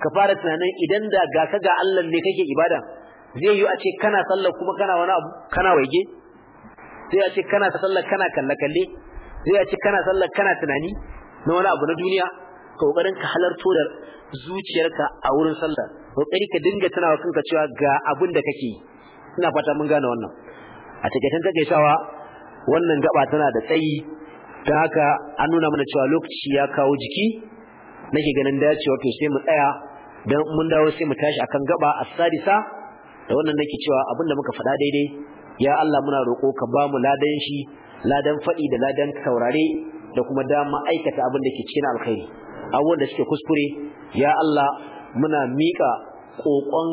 Speaker 1: ka fara tunanin idan da ga ka ga Allah ne kake ibada zai yi a ce kana sallar kuma kana wani abu kana waige zai a ce kana sallar kana kalle kalle zai a ce kana sallar kana tunani na wani abu na duniya kokarin ka halarto da zuciyarka a wurin sallah kokari ka dinga tunawa kanka cewa ga abin da kake ina fata mun gane wannan a takaitan takaitawa wannan gaba tana da tsayi ta haka an nuna mana cewa lokaci ya kawo jiki nake ganin dacewa to sai mu tsaya dan mun dawo sai mu tashi akan gaba a sadisa da wannan nake cewa abin da muka faɗa daidai ya Allah muna roƙo ka ba mu ladan shi ladan faɗi da ladan saurare da kuma dama aikata abin da ke cikin alkhairi abubuwan da suke kuskure ya Allah muna miƙa ƙoƙon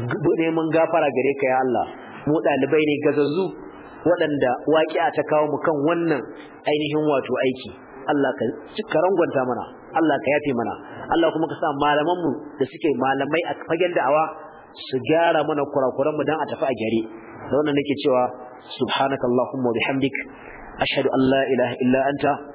Speaker 1: neman gafara gare ka ya Allah mu ɗalibai ne gazazzu waɗanda waƙiya ta kawo mu kan wannan ainihin wato aiki Allah ka cika rangwanta mana Allah ka yafe mana Allah kuma ka sa malamanmu da suke malamai a fagen da'awa su gyara mana kurakuranmu dan a tafi a gyare da wannan nake cewa subhanakallahumma wa bihamdik ashhadu an la ilaha illa anta